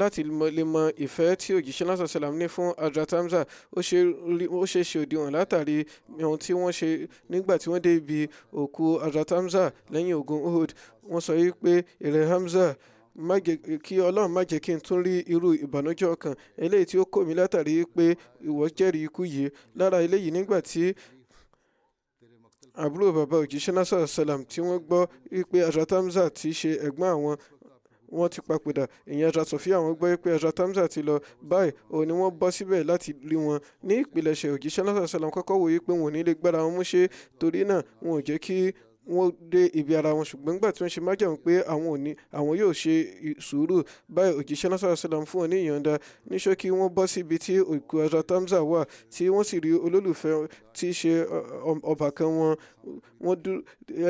láti lè mọ ìfẹ́ tí òjíṣẹ́ lásán sàlám ní fún Hazrat Hamza ó ṣe ṣe òdiwọ̀n látàrí ohun tí wọ́n ṣe nígbà tí wọ́n dé ibi òkú Hazrat lẹ́yìn ogun Uhud wọ́n sọ yìí pé èrè Hamza má jẹ́ kí ọlọ́run má jẹ́ kí n tún rí irú ìbànújẹ́ ọkàn eléyìí tí ó kò mí látàrí pé ìwọ jẹ́rìí ikú yìí lára eléyìí nígbà tí àbúrò bàbá òjíṣẹ́ násà sàlám tí wọ́n gbọ́ pé Hazrat Hamza ti ṣe ẹ̀gbọ́n àwọn wọ́n ti papòdà ìyẹn Hazrat àwọn gbọ́ pé Hazrat ti lọ báyìí òun ni wọ́n bọ́ síbẹ̀ láti rí wọn ní ìpilẹ̀ṣẹ̀ òjíṣẹ́ násà sàlám kọ́kọ́ wòye pé wọn ò ní lè gbára wọn mú torí náà wọn ò jẹ́ kí wọ́n dé ibi ara wọn ṣùgbọ́n nígbà tí wọ́n ṣe májàmú pé àwọn ò àwọn yóò ṣe sùúrù báyìí òjíṣẹ́ náà sàlám fún wọn ní ìyọ̀ǹda ní ṣókí wọ́n bọ́ síbi tí òkú ara Tamza wà tí wọ́n sì rí olólùfẹ́ tí í ṣe ọbàkan wọn wọ́n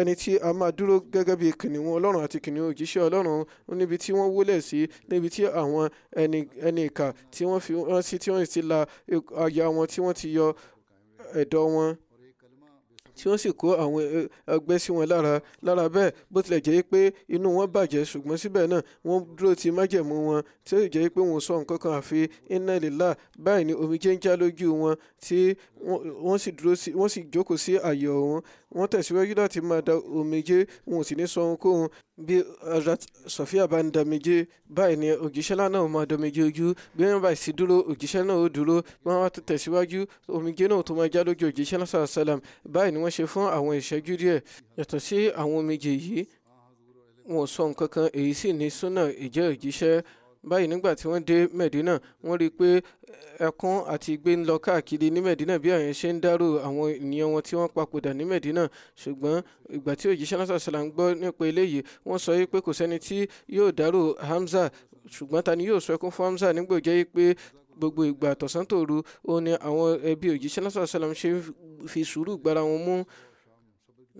ẹni tí a máa dúró gẹ́gẹ́ bí kìnìún ọlọ́run àti kìnìún òjíṣẹ́ ọlọ́run níbi tí wọ́n wólẹ̀ sí níbi tí àwọn ẹni ìkà tí wọ́n fi wọ́n sí tí wọ́n sì la àyà wọn tí wọ́n ti yọ ẹ̀dọ̀ wọn tí wọ́n sì kó àwọn ẹgbẹ́ sí wọn lára lára bẹ́ẹ̀ bó tilẹ̀ jẹ́ pé inú wọn bàjẹ́ ṣùgbọ́n síbẹ̀ náà wọ́n dúró ti májẹ̀mú wọn tí ó sì jẹ́ pé wọn ò sọ nǹkan kan àfi iná lílà báyìí ni omijé ń já lójú wọn tí wọ́n sì dúró sí wọ́n sì jókòó sí àyè ọ̀hún wọ́n tẹ̀síwájú láti máa da omijé wọn ò sì ní sọ ohunkóhun bí Hazrat Sofia bá ń damijé báyìí ni òjíṣẹ́ náà máa damijé ojú bí wọ́n bá sì dúró òjíṣẹ́ náà ó dúró bí wọ́n bá tẹ̀síwájú omijé náà tó máa já lójú òjíṣẹ́ náà sàlám báyìí ni wọ́n ṣe fún àwọn ìṣẹ́jú díẹ̀ yàtọ̀ sí àwọn méje yìí wọn sọ nǹkan kan èyí sì ní súnà ìjẹ́ òjíṣẹ́ báyìí nígbà tí wọ́n dé Medina wọ́n rí i pé ẹkún àti igbe ń lọ káàkiri ní Medina bí àyàn ṣe ń dárò àwọn ènìyàn wọn tí wọ́n papòdà ní Medina ṣùgbọ́n ìgbà tí òjíṣẹ́ náà sàṣàlà ń gbọ́ nípa eléyìí wọ́n sọ pé kò sẹ́ni tí yóò dárò Hamza ṣùgbọ́n ta ni yóò sọ ẹkún fún Hamza nígbà jẹ́ pé gbogbo ìgbà tọ̀sán tòru ó ní àwọn ẹbí òjíṣẹ́ náà sọ̀rọ̀ ṣe fi sùúrù gbára wọn mú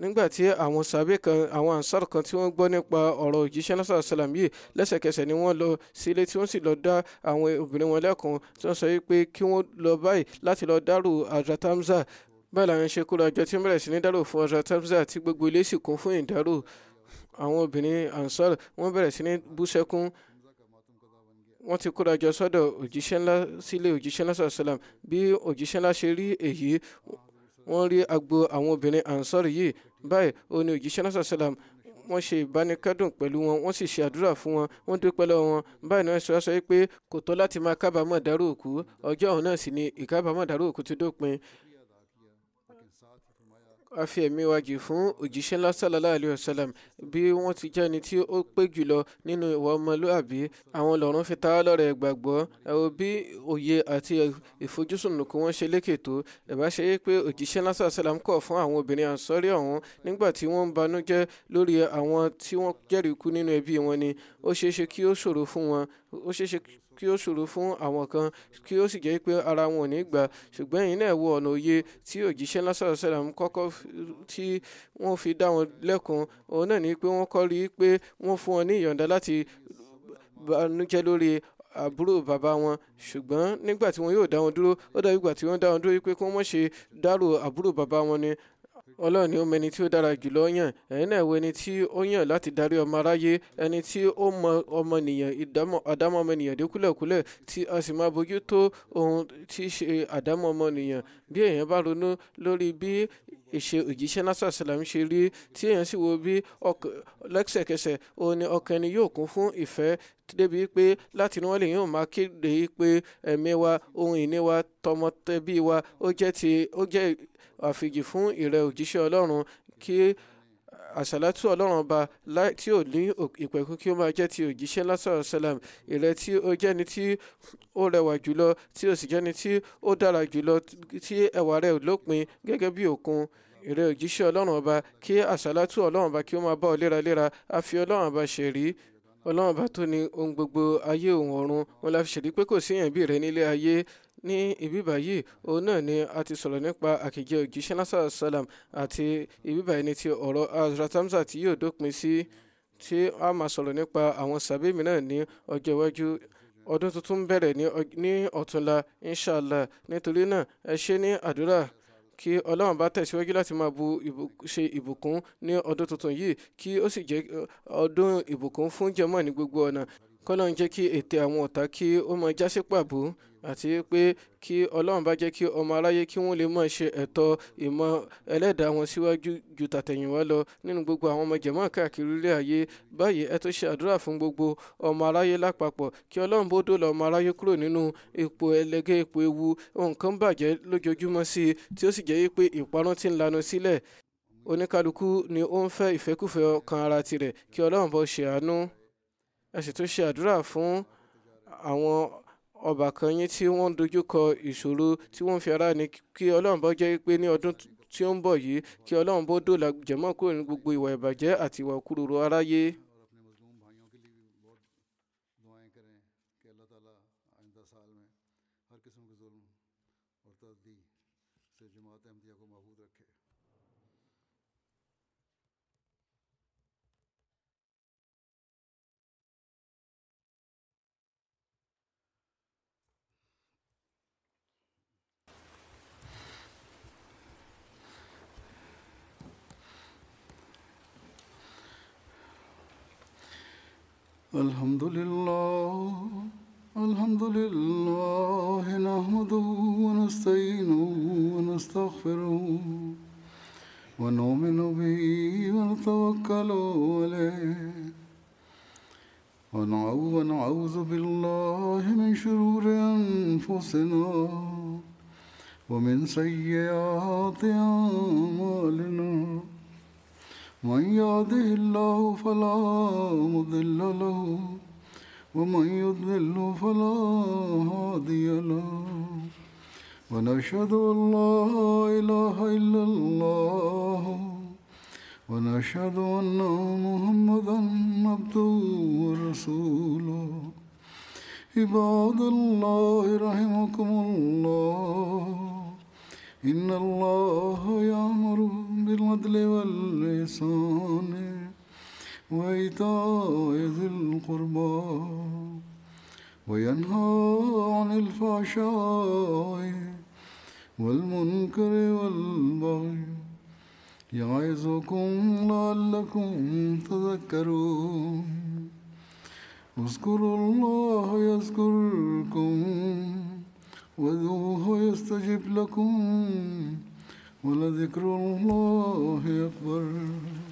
nígbà tí àwọn sàbẹ̀ kan àwọn ansar kan tí wọ́n gbọ́ nípa ọ̀rọ̀ òjíṣẹ́ náà sọ̀rọ̀ sàlám yìí lẹ́sẹ̀kẹsẹ̀ ni wọ́n lọ sílé tí wọ́n sì lọ dá àwọn obìnrin wọn lẹ́kùn tí wọ́n sọ wípé kí wọ́n lọ báyìí láti lọ dárò àjàtàmzà báyìí làwọn ṣe kúrò àjọ tí wọ́n bẹ̀rẹ̀ sí ní dárò fún ansar wọ́n bẹ̀rẹ̀ sí ní bú wọ́n ti kóra jọ sọ́dọ̀ òjíṣẹ́ ńlá sílé òjíṣẹ́ ńlá sàlám bí òjíṣẹ́ ńlá ṣe rí èyí wọ́n rí agbo àwọn obìnrin ansọ́rì yìí báyìí ó ní òjíṣẹ́ ńlá sàlám wọ́n ṣe ìbánikẹ́dùn pẹ̀lú wọn wọ́n sì ṣe àdúrà fún wọn wọ́n dúpẹ́ lọ́wọ́ wọn báyìí náà sọ pé kò tó láti máa kábàámọ̀ dárò òkú ọjọ́ ọ̀hún náà sì ni ìkábàámọ̀ dárò òkú ti dópin a fi ẹ̀mí wa jì fún òjíṣẹ́ ńlá sallallahu alayhi wa sallam bí wọ́n ti jẹ́ ẹni tí ó pé jùlọ nínú ìwà ọmọlúàbí àwọn lọ́rùn fi ta lọ́rẹ̀ gbàgbọ́ ẹ̀wọ̀n bí òye àti ìfojúsùn nùkú wọn ṣe lékè tó ẹ̀bá ṣe yé pé òjíṣẹ́ ńlá sallallahu alayhi wa sallam kọ̀ fún àwọn obìnrin ànsọ́rí ọ̀hún nígbà tí wọ́n ń banújẹ́ lórí àwọn tí wọ́n jẹ́rìí kú nínú ẹbí wọn ni ó ṣeéṣe kí ó ṣòro fún wọn ó ṣeéṣe kí ó ṣòro fún àwọn kan kí ó sì jẹ́ pé ara wọn ò ní gbà ṣùgbọ́n ẹ̀yin náà wo ọ̀nà òye tí òjíṣẹ́ lásàrò sẹ́lẹ̀m kọ́kọ́ tí wọ́n fi dá wọn lẹ́kun òun náà ni pé wọ́n kọ́ rí i pé wọ́n fún wọn ní ìyọ̀ǹda láti banújẹ́ lórí àbúrò bàbá wọn ṣùgbọ́n nígbà tí wọn yóò dá wọn dúró ó dàbí ìgbà tí wọ́n dá wọn dúró pé kí wọ́n mọ̀ ṣe dárò àbúrò bàbá wọn ni ọlọ́run ni ó mẹni tí ó dára jùlọ yàn ẹ̀yin náà wo ẹni tí ó yàn láti darí ọmọ aráyé ẹni tí ó mọ ọmọnìyàn àdámọ́ ọmọnìyàn dé kúlẹ̀kúlẹ̀ tí a sì máa bójú tó ohun tí í ṣe àdámọ́ ọmọnìyàn bí èèyàn bá ronú lórí bí ìṣe òjíṣẹ́ nasa salam ṣe rí tí èèyàn sì wo bí lẹ́sẹ̀kẹsẹ̀ òun ni ọkàn ẹni yóò kún fún ìfẹ́ débi pé láti inú wọn lè yóò máa kéde pé ẹ̀mí wa ohun ìní wa tọmọtẹbí wa ó jẹ́ ti ó jẹ́ àfijì fún ìrẹ òjíṣẹ́ ọlọ́run kí àṣàlátù ọlọ́run ọba tí ò ní ìpẹ̀kún kí ó máa jẹ́ ti òjíṣẹ́ lásán salam ìrẹ tí ó jẹ́ni tí ó rẹwà jùlọ tí ó sì jẹ́ni tí ó dára jùlọ tí ẹwà rẹ̀ lópin gẹ́gẹ́ bí òkun ìrẹ òjíṣẹ́ ọlọ́run ọba kí àṣàlátù ọlọ́run ọba kí ó máa bá ọ léraléra a fi ọlọ́run ọba ṣèrí ọlọ́run ọba tó ní ohun gbogbo ayé òun ọ̀run wọn la fi ṣèrí pé kò sí èèyàn bí rẹ nílé ayé ní ibi báyìí òun náà ni a ti sọ̀rọ̀ nípa àkèjẹ́ òjíṣẹ́ lásàrò sálàm àti ibi báyìí ni ti ọ̀rọ̀ Hazrat Hamza tí yóò dópin sí tí a máa sọ̀rọ̀ nípa àwọn sàbí mìíràn ní ọjọ́ iwájú ọdún tuntun bẹ̀rẹ̀ ní ọ̀túnla inshallah nítorí náà ẹ ṣe ní àdúrà kí ọlọ́run bá tẹ̀síwájú láti máa bu ṣe ìbùkún ní ọdún tuntun yìí kí ó sì jẹ́ ọdún ìbùkún fún jàmáà ní gbogbo ọ̀nà kọ́lọ́n jẹ́ kí ètè àwọn ọ̀tá kí ó mọ jásí pàbó àti pé kí ọlọ́run bá jẹ́ kí ọmọ aráyé kí wọ́n lè máa ṣe ẹ̀tọ́ ìmọ̀ ẹlẹ́dàá wọn síwájú ju tàtẹ̀yìnwá lọ nínú gbogbo àwọn ọmọ jẹ̀mọ́ káàkiri ilé ayé báyìí ẹ tó ṣe àdúrà fún gbogbo ọmọ aráyé lápapọ̀ kí ọlọ́run bó dòlà ọmọ aráyé kúrò nínú ipò ẹlẹgẹ́ ipò ewu nǹkan bàjẹ́ lójoojúmọ́ sí i tí ó sì jẹ́ pé ìparun ti ń lanu sílẹ̀ oníkálukú ni ó ń fẹ́ ìfẹ́kùfẹ́ ọkàn ara tirẹ̀ kí ọlọ́run bó ṣe àánú ẹ sì tún ṣe àdúrà fún àwọn ọbàkan yín tí wọ́n ń dojúkọ ìṣòro tí wọ́n ń fi ara ní kí ọlọ́run bá jẹ́ pé ní ọdún tí ó ń bọ̀ yìí kí ọlọ́run bó dòlà jẹ̀mọ́ kúrò ní gbogbo ìwà ìbàjẹ́ àti ìwà òkúròrò aráyé. الحمد لله الحمد لله نحمده ونستعينه ونستغفره ونؤمن به ونتوكل عليه ونعوذ بالله من شرور أنفسنا ومن سيئات أعمالنا من يهده الله فلا مضل له ومن يضلل فلا هادي له ونشهد ان لا اله الا الله ونشهد ان محمدا عبده ورسوله عباد الله رحمكم الله إن الله يأمر بالعدل والإحسان وإيتاء ذي القربى وينهى عن الفحشاء والمنكر والبغي يعظكم لعلكم تذكرون اذكروا الله يذكركم وادعوه يستجب لكم ولذكر الله أكبر